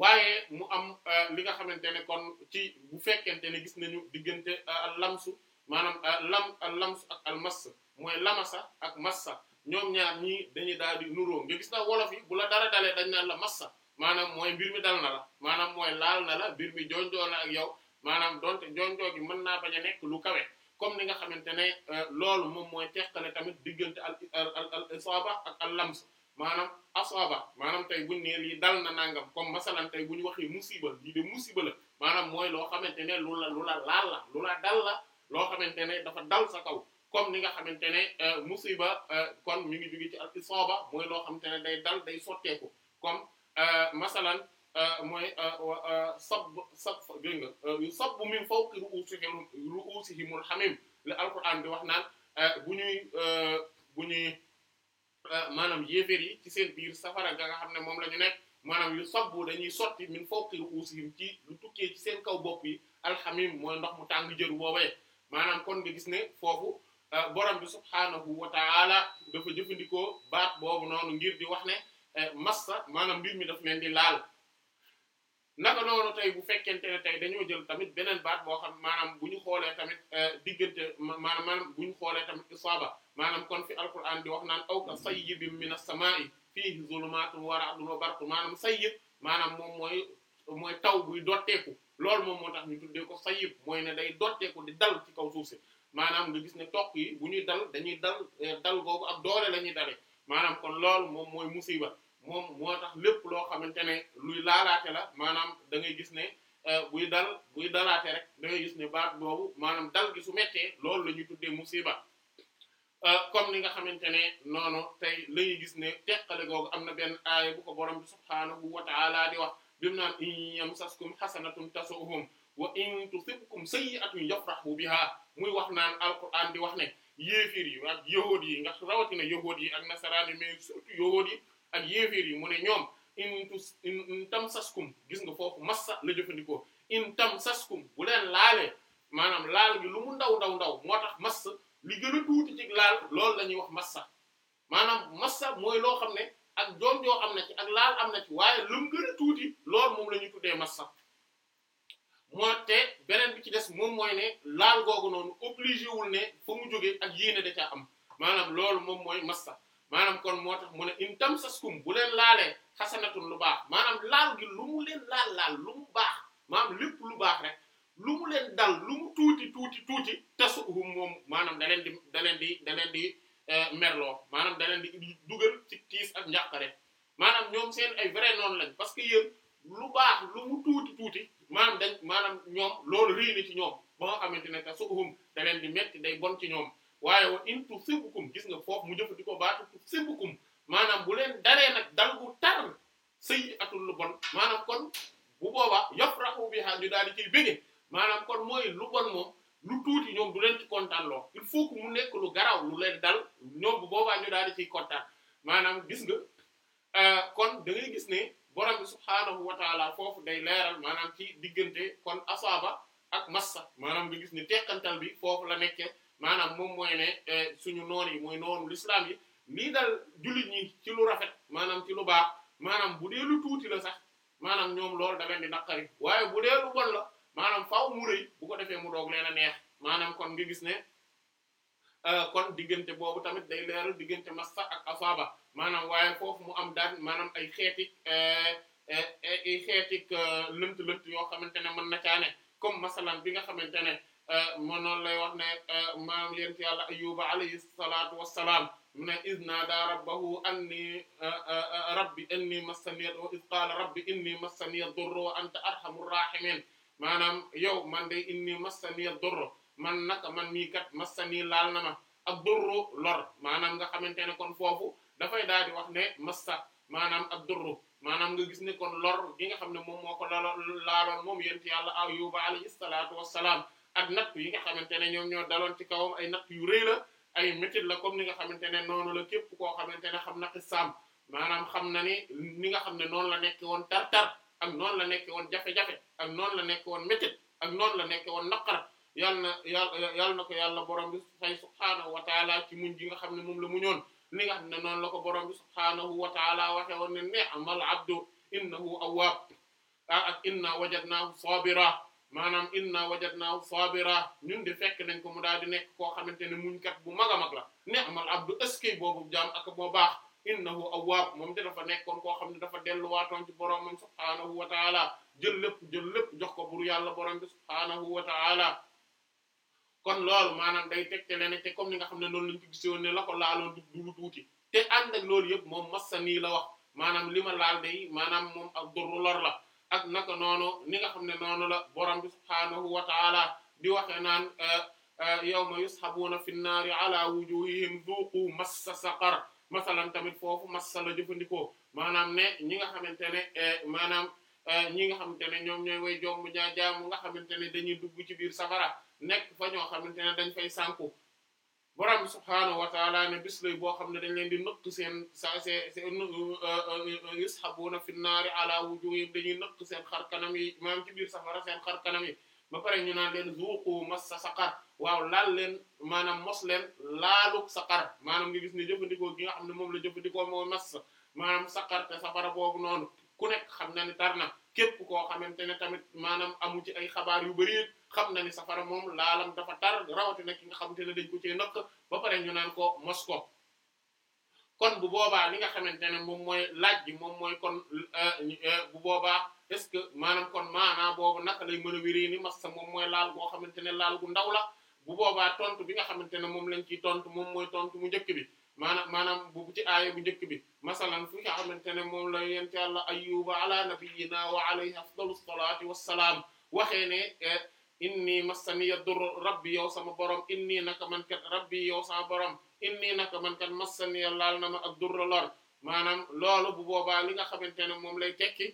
waaye mu am euh, li nga xamante ne kon ci bu fekkente ne gis nañu diggante euh, lamsu maanaam euh, lam lamsu ak almas mooy lamasa ak massa ñoom ñaar ñii dañuy daal di nuroo nga gis na wolof yi bu la dara dalee dañ naan la massa maanaam mooy mbir mi dal na la maanaam mooy laal na la mbir mi jonjoo na ak yow maanaam donte jonjoo gi mën naa bañ nekk lu kawe comme li nga xamante ne loolu moom mooy teqale tamit diggante al al al isaaba ak al lams maanaam asaba maanaam tey buñ ne lii dal na nangam comme masalan tey bu ñu waxee musiba lii de musiba la maanaam mooy loo xamante ne lu la lu la laal la lu la dal la loo xamante ne dafa dal sa kaw comme ni nga xamante ne euh, musiba euh, kon mi ngi jóge ci al isaba mooy loo xamante ne day dal day sotteeku comme euh, masalan mooy sab sab dégg nga sab min fawqi ru'usihim ru'usihimul hamim le alquran bi wax naan bu ñuy bu Euh, maanaam yéeféer yi ci seen biir safara ga nga xam ne moom lañu ñu nekk maanaam yu sabbu dañuy sotti min fawqi ru'uusihim ci lu tukkee ci seen kaw bopp yi alxamim mooy ndox mu tàng jër boobee maanaam kon nga gis ne foofu euh, borom bi subhaanahu wa ta'ala dafa jëfandikoo baat boobu noonu ngir di wax ne euh, massa maanaam mbir mi def leen di laal naka noonu tey bu fekkente ne tey dañoo jël tamit beneen baat boo xam maanaam bu ñu xoolee tamit diggante maanaam bu ñu xoolee tamit isaaba maanaam kon fi alquran di wax naan aw ka sayyibin minas samaa'i fiihi zulumaatun wa ra'dun wa barqun maanaam sayyib maanaam moom mooy mooy taw buy dotteeku loolu moom moo tax ñu tuddee ko sayyib mooy ne day dotteeku di dal ci kaw suuf si maanaam nga gis ne toq yi bu ñuy dal dañuy dal eh, dal googu ak doole la ñuy dalee maanaam kon loolu moom mooy musiba moom moo lépp loo xamante ne luy laalaate la maanaam dangay gis ne eh, buy dal buy dalaate rek dangay gis ne baat boobu maanaam dal gi su mettee loolu la ñuy tuddee musiba Euh, comme ni nga xamante ne noonu tey la ñuy gis ne teqale googu am na benn aaya bu ko borom bi subhaanahu wa ta'ala di wax bi mu naan in yamsaskum hasanatun tasuhum wa in tusibkum sayyi'atun yafrahu biha muy wax naan a di wax ne yéeféer yi ak yahuud yi nga rawatina yahuud yi ak nasaraan yi mais surtout yahuud yi ak yi mu ne ñoom in tus in tamsaskum gis nga foofu massa la jëfandikoo in tamsaskum bu leen laalee maanaam laal gi lu mu ndaw ndaw ndaw moo tax massa li gën a tuuti ci laal loolu la ñuy wax massa maanaam massa mooy loo xam ne ak doom joo am na ci ak laal am na ci waaye lu mu gën tuuti lool moom la ñuy tuddee massa moo te beneen bi ci des moom mooy ne laal googu noonu obligé wul ne foo mu jógee ak yéene da caa am maanaam loolu moom mooy massa maanaam kon moo tax mu ne in tamsaskum bu leen laalee xasanatun lu baax maanaam laal gi lu mu leen laal laal lu baax maanaam lépp lu baax rek lu mu leen dal lu mu tuuti tuuti tuuti tasuhum moom maanaam da leen di da leen di da leen di eh, merloo maanaam da leen di dugal ci tiis ak njàqare maanaam ñoom seen ay vrai noonu lañ parce que yéen lu baax lu mu tuuti tuuti maanaam dañ maanaam ñoom loolu réy ci ñoom boo nga xamante ne tasuhum da leen di metti day bon ci ñoom waaye wa in tusibukum gis nga foof mu jëfandikoo ko baatu tusibukum maanaam bu leen dalee nag dal bu tar sëy atul lu bon maanaam kon bu boobaa yafrahu biha ñu daal di ciy maanaam kon mooy lu bon moom lu tuuti ñoom du leen ci kontaan loo il faut mu nekk lu garaw lu leen dal ñoom bu boobaa ñu daal di ci kontaan maanaam gis nga euh, kon da ngay gis ne borom bi subhaanahu foofu leeral maanaam ci diggante kon asaaba ak massa maanaam nga gis ne teqantal bi foofu la nekkee maanaam moom mooy ne euh, suñu noon yi mooy noonu l'islam yi lii dal jullit ñi ci lu rafet maanaam ci lu baax maanaam bu dee lu tuuti la sax maanaam ñoom loolu da leen di naqari waaye bu dee lu bon la maanaam faaw mu rëy bu ko defee mu doog leen a neex maanaam kon nga gis ne euh, kon diggante boobu tamit day leeral diggante massa ak afaaba maanaam waaye foofu mu am daan maanaam ay xeeti euh, euh, ay xeeti lënt lënt yoo xamante ne mën na caane comme masalan bi nga xamante ne ma noonu lay wax ne maam yent yàlla ayuba alayhi salaatu wassalaam mu ne iz naadaa rabbahu anni rabbi anni massaniya wa iz qaala rabbi inni massaniya durru wa anta arhamur rahimin maanaam yow man de inni massaniya durru man naka man mii kat massani laal na ma ak durru lor maanaam nga xamante ne kon foofu dafay daal di wax ne massa maanaam ak durru maanaam nga gis ne kon lor gi nga xam ne moom moo ko laaloon moom yent yàlla Ayyuba alayhi salaatu wassalaam ak natt yi nga xamante ne ñoom ñoo daloon ci kawam ay natt yu rëy la ay métit la comme ni nga xamante ne noonu la képp koo xamante ne xam na xisaam maanaam xam na ni ni nga xam ne noonu la nekk woon tar-tar ak noonu la nekke woon jafe-jafe ak noonu la nekke woon métit ak noonu la nekke woon naqara yàlla na yàlla yàlla na ko yàlla borom bi fay subhaanahu wa taala ci muñ gi nga xam ne moom la muñoon ni nga xam ne noonu la ko borom bi subhaanahu wa taala waxe woon ne ni'mal abdu innahu awwaab ah, ak inna wajadnaahu sabira maanaam inna wajadnaahu sabira ñun de fekk nañ ko mu daal di nekk koo xamante ne muñ kat bu mag a mag la ni'mal abdu ëskey boobu jaam ak boo baax innahu awwaab moom te dafa nekkoon koo xam ne dafa delluwaatoon ci boroomam subhaanahu wa taala jël lépp jox ko bur yàlla borom bi subhaanahu wa taala kon loolu maanaam day tegte lene te comme ni nga xam ne noonu lañu ko gisoon ne la ko laaloon du lu tuuti te ànd ak loolu yëpp moom massa nii la wax maanaam li ma laal day maanaam moom ak durru lor la ak naka noonu ni nga xam ne noonu la borom bi subhaanahu wa taala di waxe naan yawma yushabuuna fi nnaari ala wujuhihim duuqu massa saqar masalan tamit foofu massa la jëfandikoo maanaam ne ñi nga xamante ne eh, maanaam eh, ñi nga xamante ne ñoom ñooy way jomb ñaa jaamu nga xamante ne dañuy dugg ci biir safara nekk fa ñoo xamante ne dañ fay sànku borom bi subhaanahu wa taala bis lay boo xam ne dañ leen di nëkk seen sa see seen eh, yushabuna fi naari ala wujuhim dañuy nëkk seen xar yi maanaam ci biir safara seen xar kanam yi ba pare ñu naan leen zuuqu massa saqar waaw laal leen maanaam mos leen laalu saqar maanaam nga bis ne jëfandikoo ki nga xam ne moom la jëfandikoo moo mas maanaam saqar te safara boobu noonu ku nekk xam na ni tar na képp koo xamante ne tamit maanaam amu ci ay xabaar yu bari xam na ni safara moom laalam dafa tar rawatina ki nga xamante ne dañ ko cee nëkk ba pare ñu naan ko mos ko kon bu boobaa li nga xamante ne moom mooy laaj bi moom mooy kon euh, euh, bu boobaa est-ce que maanaam kon maanaa boobu naka lay mën a wéree ni massa moom mooy laal boo xamante ne laal gu ndaw la bu boobaa tontu bi nga xamante ne moom lañ ciy tontu moom mooy tontu mu njëkk bi maanaam maanaam bu ci aaya bu njëkk bi masalan fi nga xamante ne moom la yente yàlla ayyuba ala nabiyyina wa alayhi afdalus salati wassalaam waxee ne eh, inni massaniya dur rabbi yow sama borom inni naka man kat rabbi yow sama borom inni naka man kat laal na ma ak durra maanaam loolu bu boobaa li nga xamante ne moom lay tekki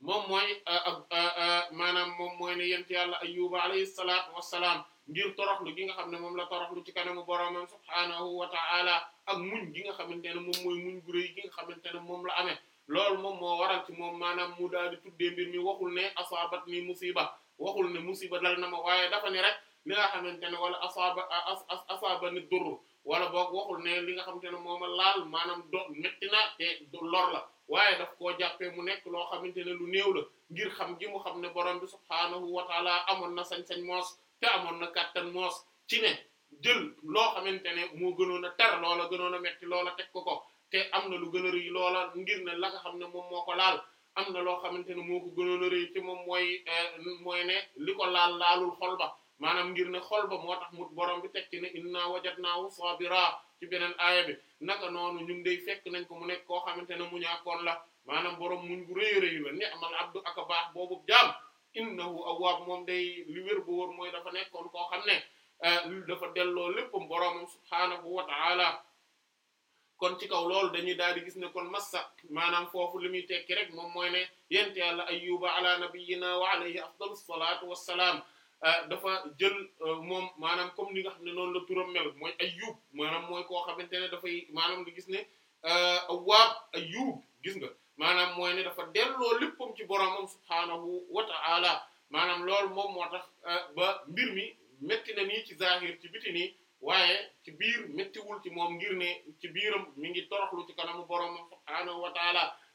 moom mooy euh, euh, euh, maanaam moom mooy ne yent yàlla ayuba alayhi salaatu wassalaam ngir toroxlu ki nga xam ne moom la toroxlu ci kanamu boroomam subhaanahu wa ta'ala ak muñ gi nga xamante ne moom gi nga xamante ne moom la amee lool moom moo waral ci moom maanaam mu daal di tuddee mbir mi waxul ne asaabat ni musiba waxul ne musiba dal na ma waaye dafa ne rek li nga xamante ne wala asaaba asaaba ni wala boog waxul ne li nga xamante ne moom a laal maanaam do metti na la waaye daf koo jàppee mu nekk loo xamante ne lu néew la ngir xam gi mu xam ne borom bi subhaanahu wa amoon na sañ-sañ moos te amoon na kàttan moos ci ne jël loo xamante ne moo gënoon a tar loola gënoon a metti loola teg ko ko te am na lu gën a loola ngir ne la xam ne moom moo ko laal am na loo xamante ne moo ko gënoon a rëy te moom mooy eh, mooy ne li ko laal laalul xol ba maanaam ngir ne xol ba moo tax mu borom bi teg ci ne inna wajadnaahu sabira ci beneen aaya bi naka noonu ñun day fekk nañ ko mu nekk koo xamante ne muñaakoon la maanaam borom muñ gu rëy rëy la ni'mal abdu ak baax boobu jaam innahu awwaab moom day li wér bu mooy dafa nekkoon koo xam ne euh, dafa delloo léppam boroomam subhaanahu wa ta'ala kon ci kaw loolu dañuy daal di gis ne kon massa maanaam foofu li muy tekki rek moom mooy ne yent yàlla ayyuba ala nabiyyina wa alayhi afdalus salaatu wassalaam Euh, dafa jël euh, moom maanaam comme ni nga xam ne noonu la turam mel mooy Ayyub maanaam mooy koo xamante ne dafay maanaam nga gis ne euh, Awwaab Ayyub gis nga maanaam mooy ne dafa delloo léppam ci boromam subhaanahu wa ta'ala maanaam lool moom moo tax ba mbir mi métti na nii ci zahir ci biti nii waaye ci biir méttiwul ci moom ngir ne ci biiram mi ngi toroxlu ci kanamu boromam subhaanahu wa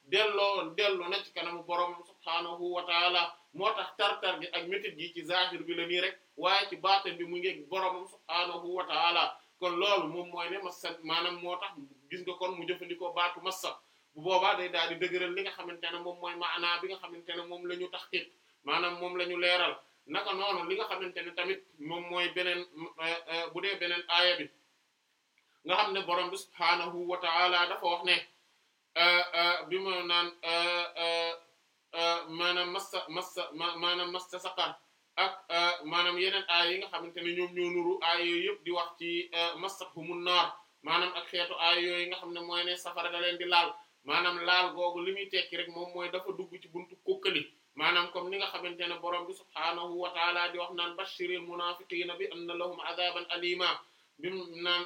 delloo dellu na ci kanamu borom subhaanahu wa taala moo tax tartar gi ak métit gi ci zahir bi la nii rek waaye ci baatin bi mu ngeeg borom subhaanahu wa taala kon loolu moom mooy ne massa maanaam moo tax gis nga kon mu jëfandikoo baatu massa bu boobaa day daal di dëgëral li nga xamante ne moom mooy maanaa bi nga xamante ne moom la ñu taxqiq maanaam moom la ñu leeral naka noonu li nga xamante ne tamit moom mooy beneen eh, eh, bu dee beneen aaya bi nga xam ne borom bi subhaanahu wa taala dafa ne bi mu naan maanaam masta massa maanaam massa saqar ak maanaam yeneen aay yi nga xamante ne ñoom ñoo nuru aay yëpp di wax ci masta massahumun naar maanaam ak xeetu aay yooyu nga xam ne mooy ne safara da leen di laal maanaam laal googu li muy tekki rek moom mooy dafa dugg ci buntu kokkali maanaam comme ni nga xam ne borom bi subhaanahu wa taala di wax naan bashiril na bi anna lahum azaban alima bi mu naan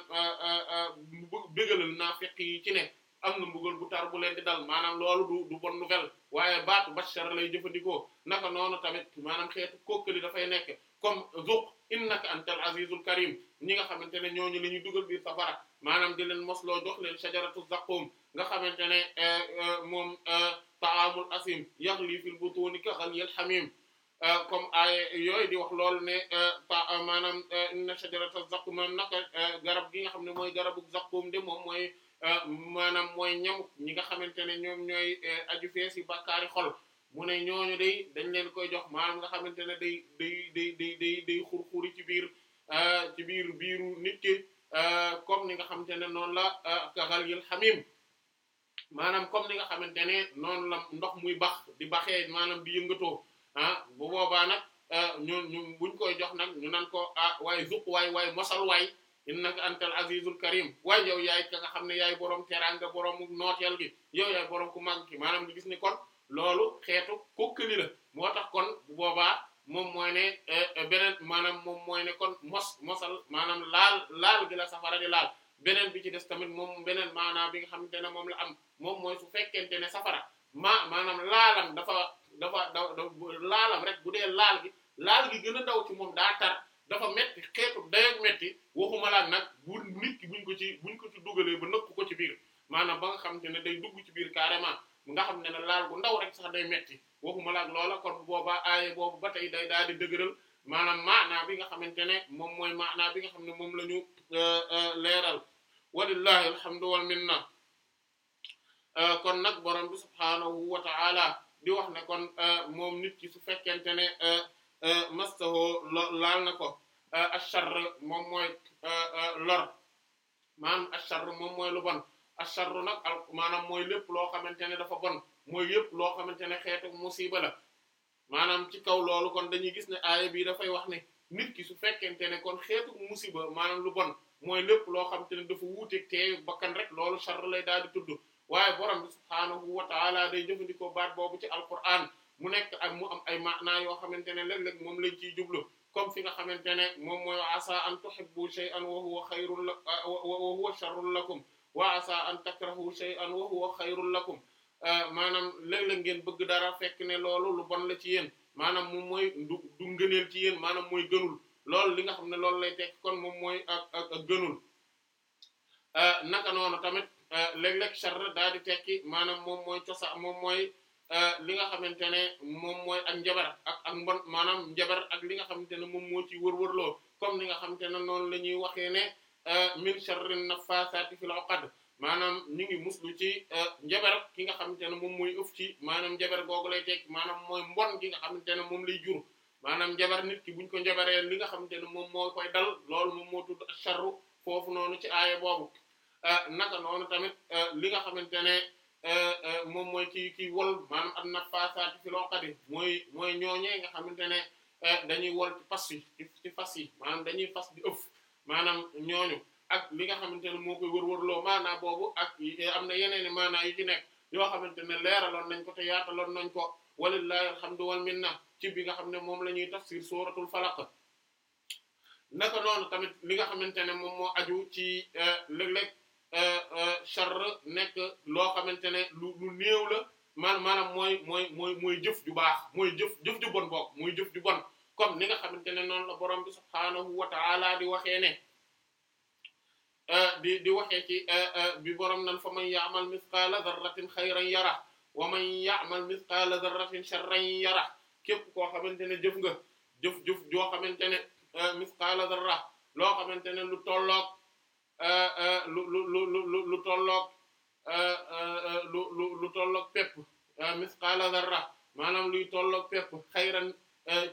bëggalal naafiq yi ci ne am nga mbugal bu tar bu leen di dal maanaam loolu du du bonne nouvelle waaye baatu bashara lay jëfandikoo naka noonu tamit maanaam xeetu kókkali dafay nekk comme zuq innaka antal azizul karim ñi nga xamante ne ñooñu la ñuy dugal biir safara maanaam di leen mosloo jox leen shajaratu zaqum nga xamante ne eh, eh, moom eh, taamul asim yaghli fil butuni ka ghalyil hamim comme ay yooyu di loolu ne maanaam inna shajarata zaqum naka garab gi nga xam ne mooy garabu zaqum de moom mooy Ah, maanaam mooy ñam ñi nga xamante ne ñoom ñooy eh, aju fees yi bàkkaari xol mu ne ñooñu day dañ leen koy jox maanaam nga xamante ne day day day day day day ci biir ah, ci biir biiru nit ki ah, comme ni nga xamante ne noonu la kaxal yil xamim maanaam comme ni nga xamante ne noonu la ndox muy bax di baxee maanaam di yëngatoo ah bu boobaa nag ñun ñu buñ koy jox nag ñu nan ko ah waaye zuq waay waay mosal waay innaka antal azizul karim waaye yow yaay ka nga xam ne yaay borom teraanga borom nooteel gi yow yaay borom ku mag ki maanaam nga gis ni kon loolu xeetu kokkali moo kon bu boobaa moom mooy ne eh, beneen maanaam moom mooy ne kon mos mosal maanaam laal laal gi la safara di laal beneen bi ci des tamit moom beneen maanaam bi nga xamante ne moom la am moom mooy su fekkente ne safara ma maanaam laalam dafa dafa da laalam rek bu dee laal gi laal gi gën a daw ci moom daa tar dafa metti xeetu dayoog metti waxumalaat nag bu nit ki buñ ko ci buñ ko ci dugalee ba nëkk ko ci biir maanaam ba nga xam te ne day dugg ci biir carrément nga xam ne ne laal bu ndaw rek sax day metti waxumalaat loola kon boobaa aaye boobu ba tey day daal di dëgëral maanaam maa bi nga xamante ne moom mooy maanaa bi nga xam ne moom la ñu euh, euh, leeral walillahi alhamdu wal minna euh, kon nag borom bi subhaanahu wa di wax ne kon moom nit ki su fekkente ne Euh, mastaho laal na ko a euh, achar moom mooy euh, lor a achar moom mooy lu bon achar nag al maanaam mooy lépp loo xamante ne dafa bon mooy yépp loo xamante ne xeetu musiba la maanaam ci kaw loolu kon dañuy gis ne aaya bii dafay wax ne nit ki su fekkente ne kon xeetu musiba maanaam lu bon mooy lépp loo xamante ne dafa wuuteeg teeyu bakkan rek loolu char lay daal di tudd waaye borom bi subhaanahu wa taala day jëfandikoo baat boobu ci alquran mu nekk ak mu am ay maanaa yoo xamante ne léeg-léeg moom lañ ciy jublu comme fi nga xamante ne moom mooy asa an tuhibbu shay'an wa huwa khayrun la wa huwa sharrun lakum wa asa an takrahu shay'an wa huwa khayrun lakum euh, maanaam léeg-léeg ngeen bëgg dara fekk ne loolu lu bon la ci yéen maanaam moom mooy du du ngëneel ci yéen maanaam mooy gënul loolu li nga xam ne loolu lay tekk kon moom mooy ak ak ak gënul euh, naka noonu tamit euh, léeg-léeg sharr daal di tekki maanaam moom mooy cosa moom mooy Euh, li nga xamante ne moom mooy ak njabar ak ak mbon maanaam njabar ak li nga xamante ne moom moo ci wërwërloo comme li nga xamante ne noonu la ñuy waxee ne euh, min sharri naffaasati fil uqad maanaam ñu ngi muslu ci euh, njabar ki nga xamante ne moom mooy ëf ci maanaam njabar googu lay teg maanaam mooy mbon gi nga xamante ne moom lay jur maanaam njabar nit ki buñ ko njabaree li nga xamante ne moom moo koy dal loolu moom moo tudd ak sharru foofu noonu ci aaya boobu naka noonu tamit li nga xamante ne Euh, euh, moom mooy ki ki wol maanaam am na faasaati mooy mooy ñooñee nga xamante ne euh, dañuy wol ci fas yi ci yi dañuy fas di ëff maanaam ñooñu ak li nga xamante ne moo koy wër maanaa boobu ak eh, am na yeneen i maanaa yu ci nekk yoo xamante ne leeraloon nañ ko te yaataloon nañ ko walillahi alhamdu wal minna ci bi nga xam ne moom la ñuy tafsir suratul falaq naka noonu tamit li nga xamante ne moom moo aju ci léeg-léeg Euh, euh, charr nekk loo xamante ne lu lu la man maanaam mooy mooy mooy mooy jëf ju baax mooy jëf jëf ju bon bokk mooy jëf ju bon comme ni nga xamante noonu la borom bi subhaanahu wa ta'ala di waxee ne euh, di di waxee ci bi borom nan fa man ya'mal mithqala dharratin khayran yara wa man ya'mal mithqala dharratin sharran yara képp koo xamante ne jëf nga jëf jëf joo xamante ne mithqala dharra loo lu tollook Eh, eh, lu lu lu lu lu tolloog eh, lu lu lu tolloog pepp misqaala zarra maanaam luy tolloog pepp xayran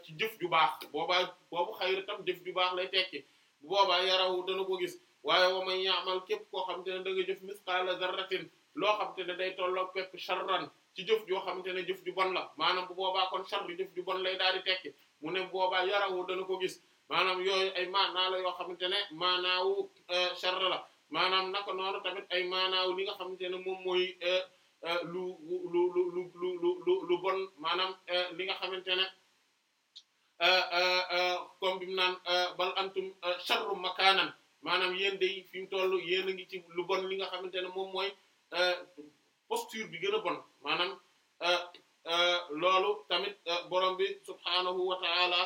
ci jëf ju baax boobaa boobu xayr tam jëf ju baax lay tekki bu boobaa yarawu dana ko gis waaye wa man ya'mal képp koo xam te ne da nga jëf misqaala zarratin loo xam te ne day tolloog pepp sharran ci jëf joo xamante ne jëf ju bon la maanaam bu boobaa kon char jëf ju bon lay daal di tekki mu ne boobaa yarawu dana ko gis maanaam yooyu ay maanaa la yoo xamante ne maanaawu sharr euh, la maanaam naka noonu tamit ay maanaawu li nga xamante ne moom mooy euh, euh, lu lu lu lu lu lu bon maanaam li nga xamante ne comme naan bal antum sharru makaanan maanaam yéen day fi mu toll yéen a ngi ci lu bon li nga xamante ne moom mooy posture bi gën a bon maanaam loolu tamit borom bi wa ta'ala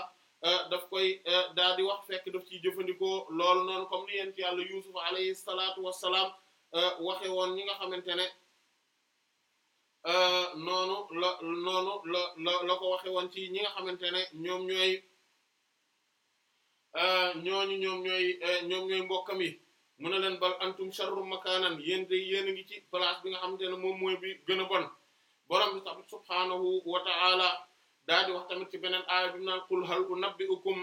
Eh, daf koy eh, daal wax fekk daf ciy jëfandikoo lool noonu comme ni yéen ci yàlla Yuusuf alayhi salaatu wa salaam eh, waxe woon ñi nga xamante ne noonu la noonu la ko waxe woon ci ñi nga xamante ne ñoom ñooy ñooñu ñoom ñooy ñoom ñooy mu ne leen bal antum sharrum makaanan yéen de yéen a ngi ci place bi nga xamante ne moom mooy bi gën bon borom bi subhaanahu wa ta'ala daa di wax tamit ci beneen aaya bi naan qul hal unabbi'ukum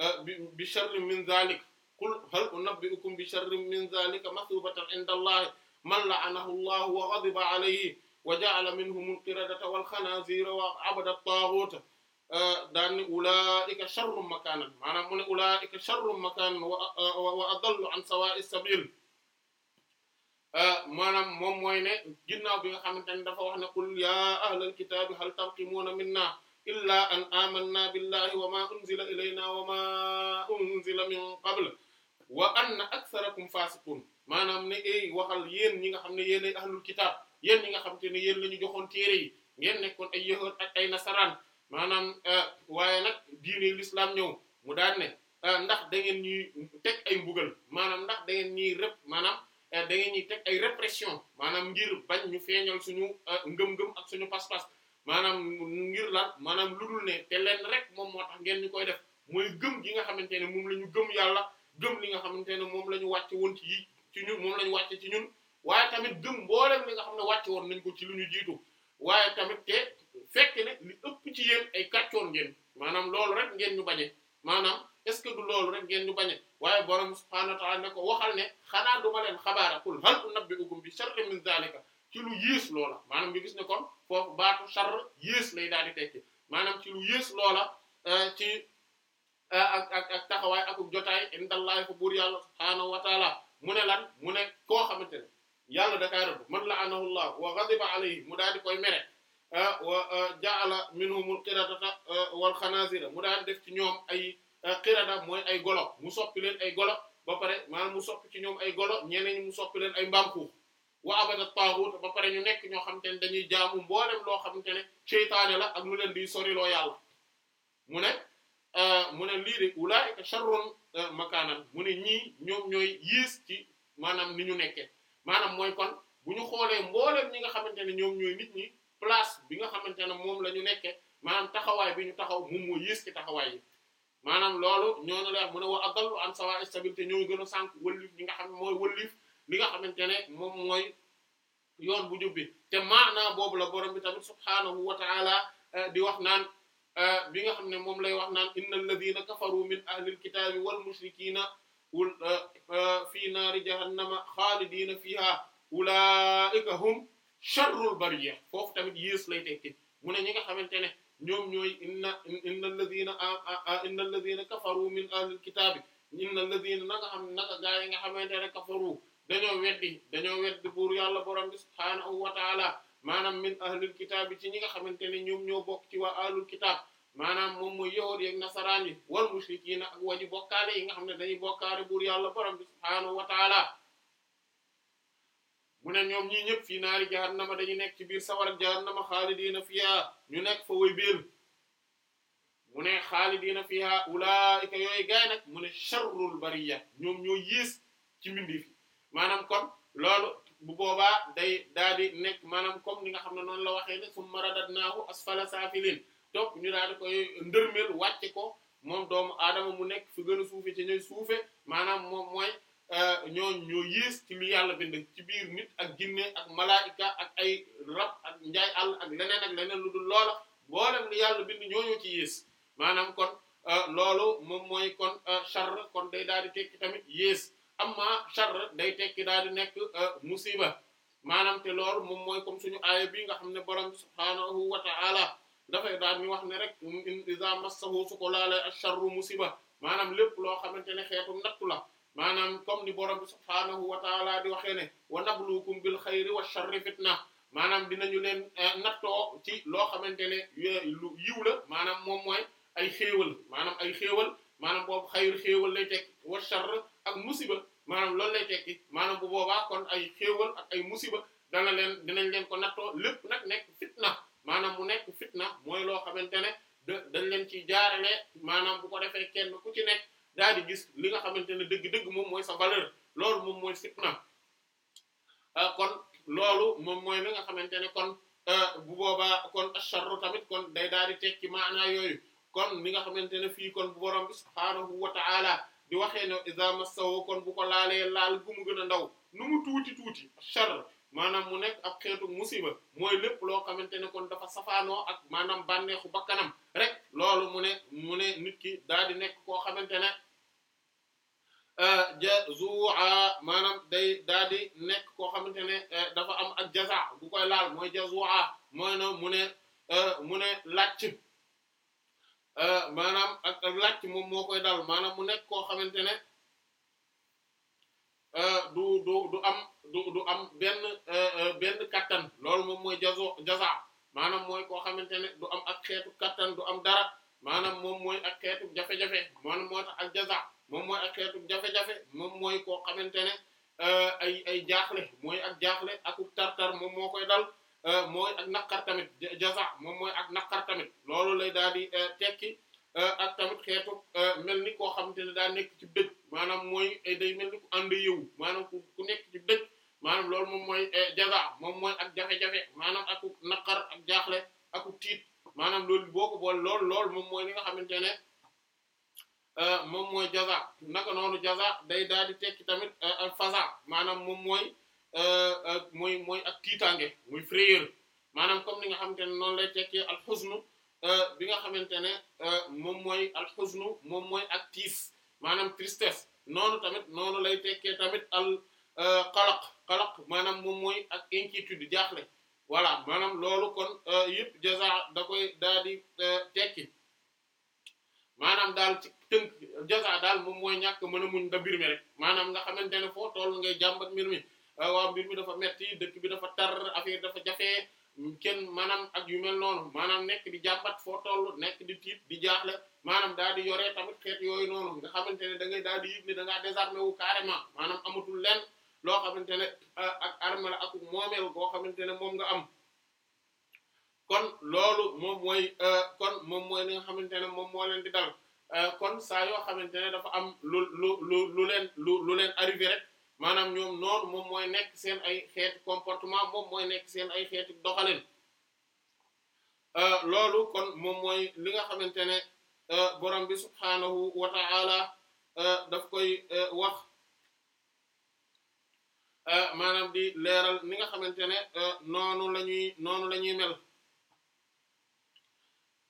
eh, bi sharrin min zalik qul hal unabbi'ukum bi sharrin min zalika masubatan inda allahi man la'anahu allah wa ghadiba alayhi wa ja'ala minhumul qiradata wal khanazira wa abada at-taghut eh, daan ni ulaa'ika sharrun makaanan maanaam mu ne ulaa'ika sharrun makaanan wa eh, adallu an sawaa'i sabil maanaam moom mooy ne ginnaaw bi nga xamante ne dafa wax ne qul yaa ahlal kitaabi hal tanqimuuna minnaa illa an amanna billahi wa ma unzila ilayna wa ma unzila min qabl wa anna aktharakum fasiqun maanaam ne ay waxal yéen ñi nga xam ne yéen ay ahlul kitab yéen ñi nga xam te ne yéen la ñu joxoon téere yi ngeen nekkoon ay yahuud ak ay nasaraan maanaam euh, waaye nag diine l'islam ñëw mu daan ne euh, ndax da ngeen ñuy teg ay mbugal maanaam ndax da ngeen ñuy rep maanaam euh, da ngeen ñuy teg ay répression maanaam ngir bañ ñu feeñal suñu ngëm-ngëm ak suñu pas-pas maanaam ngir lan maanaam lu dul ne te leen rek moom moo tax ngeen ñu koy def mooy gëm gi nga xamante ne moom la ñu gëm yàlla gëm li nga xamante ne moom la ñu wàcce woon ci yi ci ñun moom la ñu wàcce ci ñun waaye tamit gëm mboolem li nga xam ne wàcc woon nañ ko ci lu ñu jiitu waaye tamit te fekk ne li ëpp ci yéen ay kàccoor ngeen maanaam loolu rek ngeen ñu bañe maanaam est ce que du loolu rek ngeen ñu bañe waaye borom subhaanahu wa ne ko waxal ne xanaa duma leen xabaara qul hal unabbi'ukum bi sharrin min zaalika ci lu yées loola maanaam nga gis ne kon foofu baatu charr yées lay daal di tekki maanaam ci lu yées loola euh, ci euh, ak ak ak taxawaay akub jotaay indallahi fa buur yàlla subhaanahu wa taala mu ne lan mu ne koo xamante ne yàlla dakaa rabb man la anahu llah wa ghadiba alayhi mu daal di koy mere euh, wa ja'ala minhumul qiradata wal xanaazira mu daal def ci ñoom ay qirada mooy ay golo mu soppi leen ay golo ba pare maanaam mu soppi ci ñoom ay golo ñeneen ñi mu soppi leen ay mbaam xuux wa abada taaxut ba pare ñu nekk ñoo xamante ne dañuy jaamu mboolem loo xamante ne seytaane la ak lu leen di soriloo yàlla mu ne euh, mu ne lii de ulaa'ika sharrun euh, makaanan mu ne ñii ñoom ñooy yées ci maanaam ni ñu nekkee maanaam mooy kon bu ñu xoolee mboolem ñi nga xamante ne ñoom nit ñi place bi nga xamante ne moom la ñu nekkee maanaam taxawaay bi ñu taxaw moom moo yées ci taxawaay yi maanaam loolu ñoo ne la mu ne wa adallu an sawaa'i sabiil te ñoo gën a sànq wëllif ñi nga xam mooy wëllif li nga xamante ne moom mooy yoon bu jub bi te maanaa boobu la borom bi tamit subhaanahu wa ta'ala eh, di wax naan eh, bi nga xam ne moom lay wax naan innal ladhina kafaru min ahlil kitaabi wal mushrikina eh, fi naari jahannama xaalidina fiha ulaika hum sharrul bariyya foofu tamit yées lay tekki mu ne ñi nga xamante ne ñoom ñooy inna inna alladhina ah, ah, ah, inna alladhina kafaru min ahlil kitaabi inna alladhina na nga xam naka gaa yi nga xamante ne kafaru dañoo weddi dañoo weddi buur yàlla borom subhaanahu wa taala maanaam min ahlul kitaab bi ci ñi nga xamante ne ñoom ñoo bokk ci waa ahlul kitaab maanaam moom mooy yahud yeeg nasaraan yi wal mushrikiina ak waji bokkaale yi nga xam ne dañuy bokkaale buur yàlla borom bi subhaanahu wa taala mu ne ñoom ñii ñëpp fii naari jahannama dañu nekk ci biir sawar jahannama xaalidiina fiha ñu nekk fa way biir mu ne xaalidiina fiha ulaa'ika yooyu gaay nag mu ne sharrul bariyya ñoom ñoo yées ci mbindeef maanaam kon loolu bu boobaa day daal di nekk maanaam comme ni nga xam ne noonu la waxee ne summa radadnaahu asfala saafiliin donc ñu daal di koy ndërmeel wàcce ko moom doomu aadama mu nekk fi gën a suufe ci ñooy suufe maanaam moom mooy euh, ñoo ñoo yées ci li yàlla bind ci biir nit ak jinne ak malaayika ak ay rab ak njaay àll ak leneen ak leneen lu dul loola boolem li yàlla bind ñooñoo ci yées maanaam kon euh, loolu moom mooy kon euh, charr kon day daal di tekki tamit yées amma charr day tekki daal di nekk euh, musiba maanaam te loolu moom mooy comme suñu aaya bi nga xam ne borom subhaanahu wa ta'ala dafay daal ñu wax ne rek iza massahu su ko laalee acharru musiba maanaam lépp loo xamante ne xeetu nattu la maanaam comme ni borom bi subhaanahu wa ta'ala di waxee ne wa nabluukum bil xayri wa sharri fitna maanaam dinañu leen euh, nattoo ci loo xamante ne euh, yiw la maanaam moom mooy ay xéewal maanaam ay xéewal maanaam boobu xayr xéewal lay teg wa sharr ak musiba maanaam loolu lay tekki maanaam bu boobaa kon ay xéewal ak ay musiba dana leen dinañ leen ko nattoo lépp nag nekk fitna maanaam mu nekk fitna mooy loo xamante ne dañ leen ciy jaarale maanaam bu ko defee kenn ku ci nekk daal di gis li nga xamante ne dëgg-dëgg moom mooy sa valeur loolu moom mooy fitna ah, kon loolu moom mooy li nga xamante ne kon ah, bu boobaa kon acharru tamit kon day daal di tekki maanaa yooyu kon li nga xamante ne fii kon bu borom bi subhaanahu wa ta'ala di waxee ne iza massahu kon bu laalee laal gu mu gën a ndaw nu tuuti tuuti tuuti char maanaam mu nekk ab xeetu musiba mooy lépp loo xamante ne kon dafa safaanoo ak maanaam bànneexu bakkanam rek loolu mu ne mu ne nit ki daal di nekk koo xamante ne euh, jazua maanaam day daal di nekk koo xamante ne euh, dafa am ak jaza bu koy laal mooy no mu ne euh, mu ne làcc Euh, maanaam ak làcc moom moo koy dal maanaam mu nekk koo xamante ne euh, du du du am du am benn euh, benn kattan loolu moom mooy jazo jaza maanaam mooy koo xamante ne du am ak xeetu kattan du am dara maanaam moom mooy ak xeetu jafe-jafe maanaam moo tax ak jaza moom mooy ak koo xamante ne ay ay jaaxle mooy ak jaaxle ak ub tartar moom moo koy dal. Euh, mooy ak naqar tamit jaza moom mooy ak naqar tamit loolu lay daal di euh, tekki euh, ak tamit xeetu mel ni koo xamante ne daa nekk ci dëj maanaam mooy eh, day mel ni ku ànd yëwu maanaam ku nekk ci dëj maanaam loolu moom mooy eh, jaza moom mooy ak jafe-jafe maanaam aku naqar ak jaaxle aku tiit maanaam loolu boo ko li nga xamante ne moom mooy jaza naka noonu jaza day daal di tekki tamit faza maanaam moom mooy Euh, euh, mooy mooy ak tiitaange muy frayeur maanaam comme ni nga xam ne noonu lay tekkee al xusnu euh, bi nga xamante ne moom mooy al moom mooy ak tiis maanaam tristesse noonu tamit noonu lay tekkee tamit al xalaq xalaq maanaam moom mooy ak inquiétude jaaxle voilà maanaam loolu kon yëpp jaza da koy daal di tekki maanaam daal ci tënk daal moom mooy ñàkk mën a muñ da mbir rek maanaam nga xamante ne foo toll ngay jàmbat mbir mi Euh, waaw mbir mi dafa metti dëkk bi dafa tar affaire dafa jafe kenn maanaam ak yu mel noonu maanaam nekk di jàmbat foo toll nekk di tiit di jaaxle maanaam daal di yore tamit xeet yooyu noonu nga xamante ne da daal di yëg ne da ngaa désarmé wu carrément maanaam amatul leen loo xamante ne euh, ak arme la ak moomeel boo xamante ne moom nga am kon loolu moom mooy euh, kon moom mooy li nga xamante ne moom moo leen di dal kon saa yoo dafa am lu lu lu leen lu lu leen arrivé rek. maanaam ñoom noonu moom mooy nekk seen ay xeeti comportement moom mooy nekk seen ay xeeti doxalin euh, loolu kon moom mooy li nga xamante ne euh, borom bi subhaanahu wa euh, daf koy wax maanaam di leeral ni nga xamante ne noonu la ñuy noonu la ñuy mel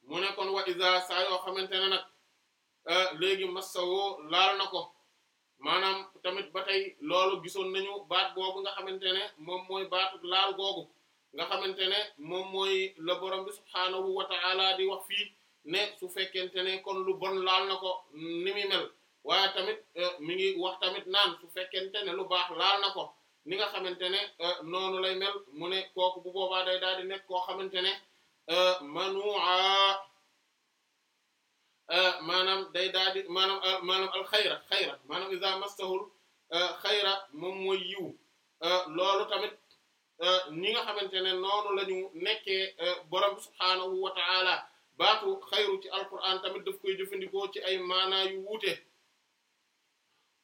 mu ne kon wa isa saa yoo xamante ne nag léegi massawoo laal na ko maanaam tamit ba tey loolu gisoon nañu baat boobu nga xamante ne moom mooy baatu laal googu nga xamante ne moom mooy la borom bi subhaanahu wa ta'ala di wax fii ne su fekkente ne kon lu bon laal na ko ni muy mel waaye tamit euh, mi ngi wax tamit naan su fekkente ne lu baax laal na ko ni nga xamante ne euh, noonu lay mel mu ne kooku bu boobaa day daal di nekk koo xamante ne euh, manu'a Euh, maanaam day daal di maanaam euh, maanaam al xayra xayra maanaam iza massahul euh, xayra moom mooy yiw loolu tamit ñi nga xamante ne noonu la ñu nekkee borom subhaanahu wa ta'ala baatu xayru ci alquran tamit daf koy jëfandikoo ci ay maanaa yu wuute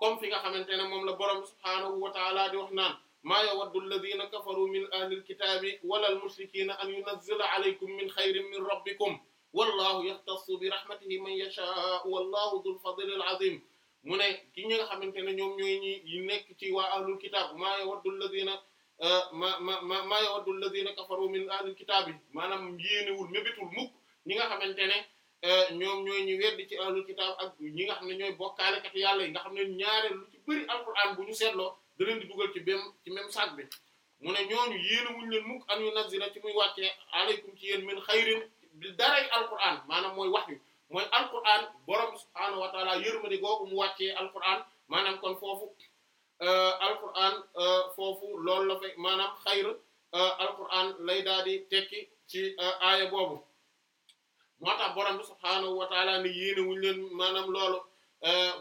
comme fi nga xamante ne moom la borom subhaanahu wa ta'ala di wax naan maa yawaddu alladhina kafaru min ahlil kitaabi wala al mushrikina an yunazzila alaykum min xayrin min rabbikum wallahu yaxtassu bi rahmatihi man yashaa wallahu dhul fadli al azim mu ne ki ñi nga xamante ne ñoom ñooy ñi yi nekk ci waa ahlul kitaab maa yawaddu alladhina eh, ma ma ma maa yawaddu alladhina kafaru min ahlil kitaab yi maanaam yéenewul mébitul mukk ñi nga xamante ne eh, ñoom ñooy ñi weddi ci ahlul kitaab ak ñi nga xam ne ñooy bokkaalekat yàlla yi nga xam ne ñaareel lu ci bëri alquran bu ñu seetloo da leen di dugal ci bem ci même sac bi mu ne ñooñu yéenewuñ leen mukk an yunazzila ci muy wàccee alaykum ci yéen min xayrin daray alquran maanaam mooy wax yu mooy alquran borom subhaanahu wa taala yërmande googu mu wàccee alquran maanaam kon foofu euh, alquran euh, foofu loolu la fay maanaam xayr euh, alquran lay daal di tekki ci aaya boobu moo tax borom bi subhaanahu wa ne yéene wuñu leen maanaam loolu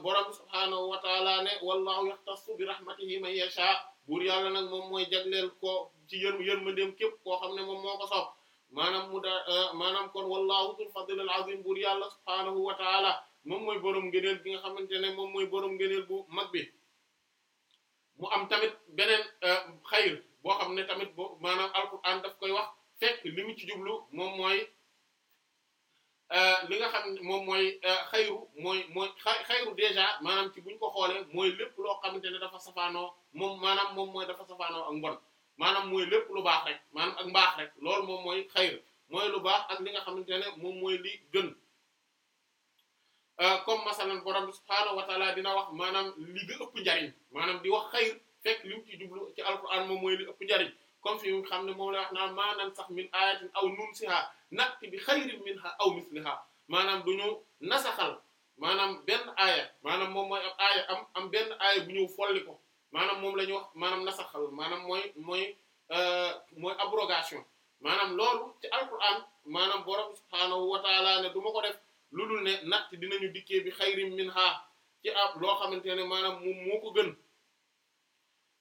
borom bi subhaanahu wa taala ne wallahu yaxtassu bi rahmatihi man yasha buur yàlla nag moom mooy jagleel ko ci yërm yërmandeem képp koo xam ne moom moo ko sopp maanaam mu da euh, maanaam kon wallahu dul fadl al azim buur yàlla subhaanahu wa taala moom mooy borom ngëneel bi nga xamante ne moom mooy borom ngëneel bu mag bi mu am tamit beneen euh, xayr boo xam ne tamit bo maanaam alquran daf koy wax fekk li mu ci jublu moom mooy euh, li nga xam moom mooy xayru mooy mooy xayru déjà maanaam ci buñ ko xoolee mooy lépp loo xamante ne dafa safaanoo moom maanaam moom mooy dafa safaanoo ak mbon maanaam mooy lépp lu baax rek maanaam ak mbaax rek loolu moom mooy xayr mooy lu baax ak li nga xamante ne moom mooy li gën euh, comme masalan borom subhaanahu wa taala dina wax maanaam li nga ëpp njariñ maanaam di wax xayr fekk li mu ci jublu ci alquran moom mooy li ëpp njariñ comme fi mu xam ne moom la wax naa maanaam sax min ayatin aw nunsiha natti bi xayrin minha aw misliha maanaam du ñu nasaxal maanaam benn aaya maanaam moom mooy am aaya am benn aaya bu ñëw folli maanaam moom la ñuy wax maanaam nasaxal maanaam mooy mooy euh, mooy abrogation maanaam loolu ci alquran maanaam borom subhaanahu wa taala ne du ma ko def lu dul ne natt dinañu dikkee bi xayrim minha ci ab loo xamante ne maanaam moom moo ko gën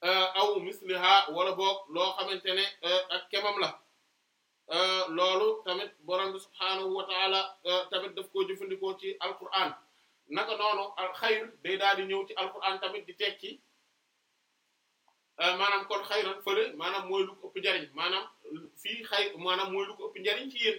euh, aw misliha wala boog loo xamante ne euh, ak kemam la loolu tamit borom bi subhaanahu tamit daf koo jëfandikoo ci alquran naka noonu al xayr day daal di ñëw ci alquran tamit di tekki Euh, maanaam kon xayran fële maanaam mooy lu ko ëpp njariñ maanaam fii xay maanaam mooy lu ko ëpp njariñ ci yéen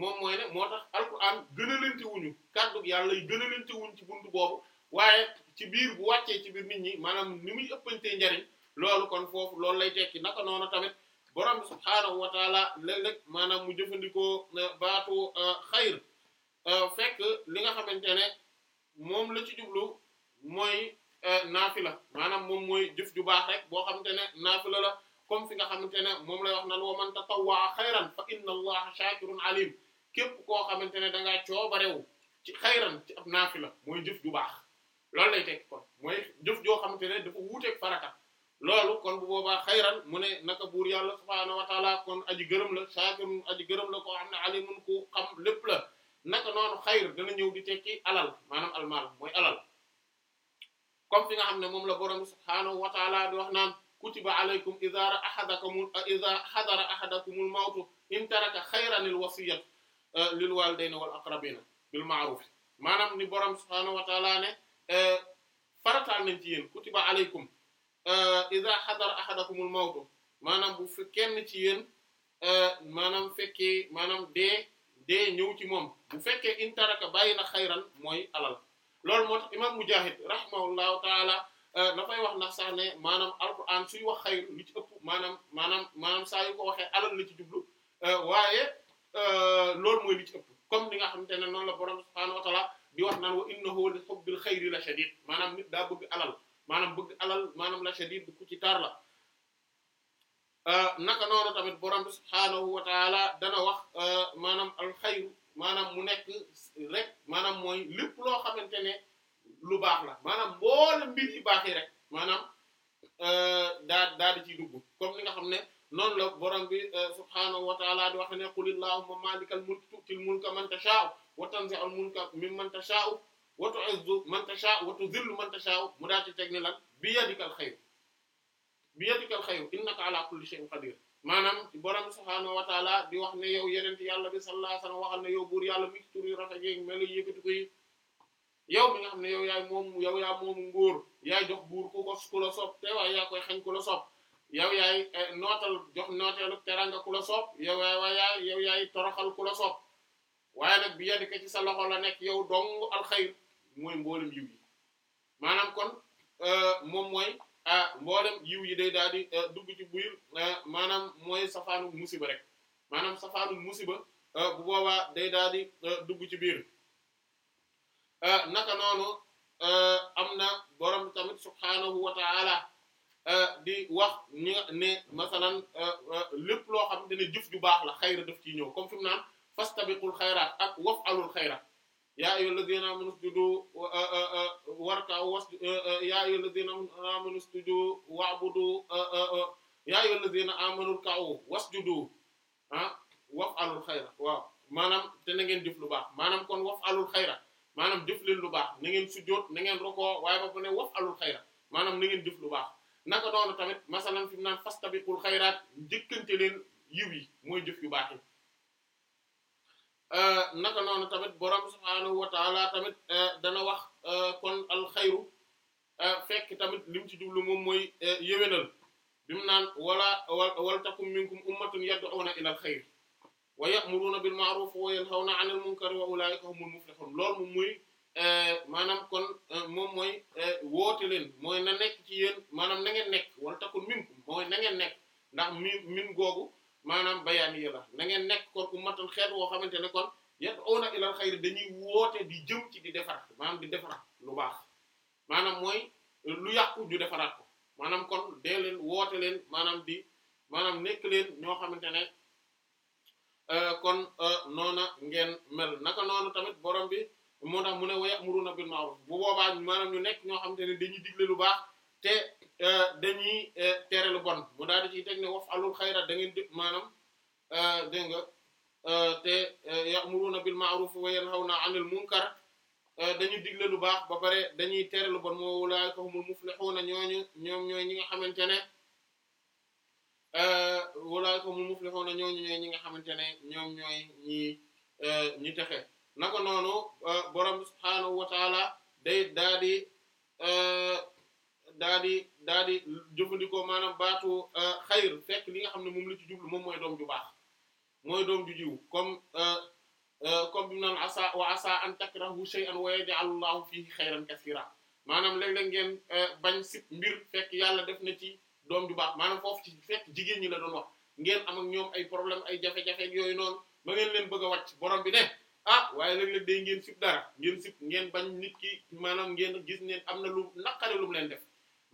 moom mooy ne moo tax alquran gënalante wuñu kàddu yàlla yi gënalante wuñ ci buntu boobu waaye ci biir bu wàccee ci biir nit ñi maanaam ni muy ëppantee njariñ loolu kon foofu loolu lay tekki naka noonu tamit borom bi subhaanahu wa taala léeg mu jëfandikoo euh, baatu euh, xayr fekk li nga xamante ne moom la ci jublu mooy Euh, naafila maanaam moom mooy jëf ju baax rek boo xamante ne naafila la comme fi nga xam ne moom lay wax nan wa man tatawwaa xayran fa inna allaha shakirun alim képp koo xamante ne da ngaa coobarewu ci xayran ci ab naafila mooy jëf ju baax loolu lay teg kon mooy jëf joo xamante ne dafa wuuteeg farata loolu kon bu boobaa xayran mu ne naka buur yàlla subhaanahu wa taala kon gërëm la shakirun aji gërëm la koo xam ne alimun ku lépp la naka noonu xayr dana ñëw di alal maanaam almaal mooy alal comme fi nga xam ne moom la borom subhaanahu wa taala di wax naan kutiba alaykum idha ahadakum idha hadara ahadakumul mawtu in taraka khayran al wasiyatu euh, lil walidayni wal aqrabina bil ma'ruf maanaam ni borom subhaanahu wa taala ne euh, farataal nañ ci yéen kutiba alaykum euh, idha hadara ahadakumul mawtu maanaam bu fi kenn ci yéen maanaam fekkee maanaam dee dee ñëw ci moom bu fekkee in taraka bàyyi na xayran mooy alal loolu moo tax imam Mujahid rahimahullahu taala euh, dafay wax ndax sax ne maanaam alquran suy wax xayr li ci ëpp maanaam maanaam maanaam saa yu ko waxee alal la ci jublu euh, waaye euh, loolu mooy li ci ëpp comme ni nga xamante ne noonu la borom subhaanahu wa di wax naan wa innahu li hubbil xayri la shadid maanaam nit daa bëgg alal maanaam bëgg alal maanaam la shadid ku ci tar la naka noonu tamit borom subhaanahu wa taala dana wax maanaam al xayru maanaam mu nekk rek maanaam mooy lépp loo xamante ne lu baax la maanaam mboole mbir yi rek maanaam euh, daa daa di ciy dugg comme li nga xam ne noonu la borom bi euh, subhaanahu wa taala di wax ne qul allahumma malikal mulki tu'til mulka man tashaa'u wa tanzi'ul mulka mimman tashaa'u wa tu'izzu man tashaa'u wa tudhillu man tashaa'u mu daa ci teg ni lan bi yadikal xayr bi yadikal xayr innaka ala kulli shay'in qadir maanaam borom bi subhaanahu wa taala di wax ne yow yenent yàlla bi sallallahu alayhi wa waxal ne yow buur yàlla mi ci tur yu melo yëkkati ko yi yow nga xam ne yow yaay moom yow yaa moomu nguur yaay jox buur ku ko ku la soob te waaye yaa koy xañ ku la soob yow yaay eh, nootal jox nooteelu teranga ku la soob yow yaay waayaa yow yaay toroxal ku la soob waaye nag bi yadika ci sa loxo la nekk yow dong alxayr mooy mboolem yiw yi maanaam kon eh, moom mooy ah mboolem yiw yi day daal di eh, dugg ci biir eh, maanaam mooy safaanu musiba rek maanaam safaanu musiba eh, bu boobaa day daal di dugg ci biir naka noonu am na borom tamit subhaanahu wa di wax ni nga ne masalan lépp loo xam te ne jëf ju baax la xayra daf ciy ñëw comme fi mu naan fastabiqul xayraat ak waf'alul xayraat yaa ayyuhal ladhina amanu usjudu warka'u wasjudu yaa ayyuhal ladhina amanu usjudu wa'budu yaa ayyuhal ladhina amanu irka'u wasjudu ah waf'alul xayra waaw maanaam te na ngeen jëf lu baax maanaam kon waf'alul xayra maanaam jëf leen lu baax na ngeen sujjóot na ngeen rokoo waaye ba mu ne waf'alul xayra maanaam na ngeen jëf lu baax naka doonu tamit masalan fi mu naan fastabiqul xayraat njëkkante leen yiw yi mooy jëf yu baax Euh, naka noonu tamit borom subhaanahu wa taala tamit euh, dana wax euh, kon al xayru fekk tamit lim ci jublu moom mooy yéwénal bi mu naan wala wal takum minkum ummatun yad'una ila al xayr wa ya'muruna bil ma'ruf wa yanhawna 'anil munkar wa ulaa'ika humul muflihun loolu moom mooy maanaam kon moom mooy woote leen mooy na nekk ci yéen maanaam na ngeen nekk wal takun minkum mooy na ngeen nekk ndax min googu. maanaam bayaaniya la na ngeen nekk ku ummatan xeet woo xamante ne kon yad'una ilal xayri dañuy woote di jëm ci di defaraat maanaam di defaraat lu baax maanaam mooy lu yàqu ñu defaraat ko maanaam kon dee leen woote leen maanaam di maanaam nekk leen ñoo xamante ne euh, kon euh, noona ngeen mel naka noonu tamit borom bi moo tax mu ne wa ya'muruna bil ma'ruf bu boobaa maanaam ñu nekk ñoo xamante ne dañuy digle lu baax te Euh, dañuy euh, tere lu bon mu daal di ciy teg ne waf alul xayra da ngeen di maanaam euh, dégg nga te ya'muruna bil ma'ruf wa yanhawna 'anil munkar dañuy digle lu baax ba pare dañuy tere lu bon moo wulaay ko humul muflihuna ñooñu ñoom ñi nga xamante ne wulaay ko humul ñooñu ñi nga xamante ne ñoom ñooy ñi ñi texe naka noonu borom subhaanahu wa day daal daa di daa di jëfandikoo maanaam baatu euh, xayr fekk li nga xam ne moom la ci jublu moom mooy doom ju baax mooy doom ju jiw comme euh, euh, comme bi mu naan asa wa asa an takrahu shay'an wa yaj'ala Allahu fihi xayran kaseera maanaam léeg ngeen bañ sip mbir fekk yàlla def na ci doom ju baax maanaam foofu ci fekk jigéen ñi la doon wax ngeen am ñoom ay problème ay jafe-jafe yooyu noonu ba ngeen leen bëgg a wàcc borom bi ne ah waaye léeg-léeg day ngeen sip dara ngeen sip ngeen bañ nit ki maanaam ngeen gis ne am na lu naqare lu mu leen def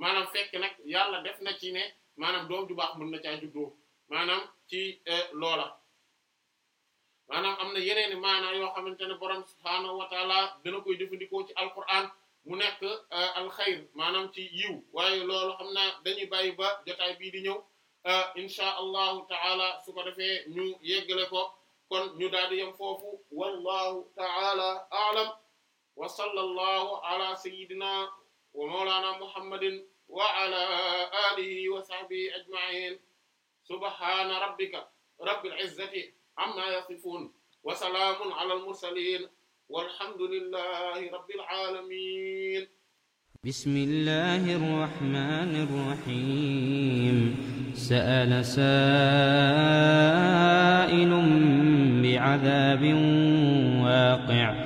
maanaam fekk nag yàlla def na ci ne maanaam doom ju baax mën na caa juddoo maanaam ci eh, loola maanaam am na yeneen i maanaam yoo xamante ne borom subhaanahu wa taala dana koy jëfandikoo ci alquran mu nekk eh, alxayr maanaam ci yiw waaye loolu xam na dañuy bayi ba jotaay bii di ñëw eh, insha allahu taala su ko defee ñu yeggale ko kon ñu daal di yem foofu wallahu taala aalam wa sallallahu ala sayidina wa mawlana muhammadin wa ala alihi wa sahbihi ajma'in subhana rabbika rabbil izzati amma yasifun wa salaamun ala al mursalin walhamdulillahi rabbil alamin bismillahir rahmanir rahim sa'ala sa'ilun bi'adhabin waqi'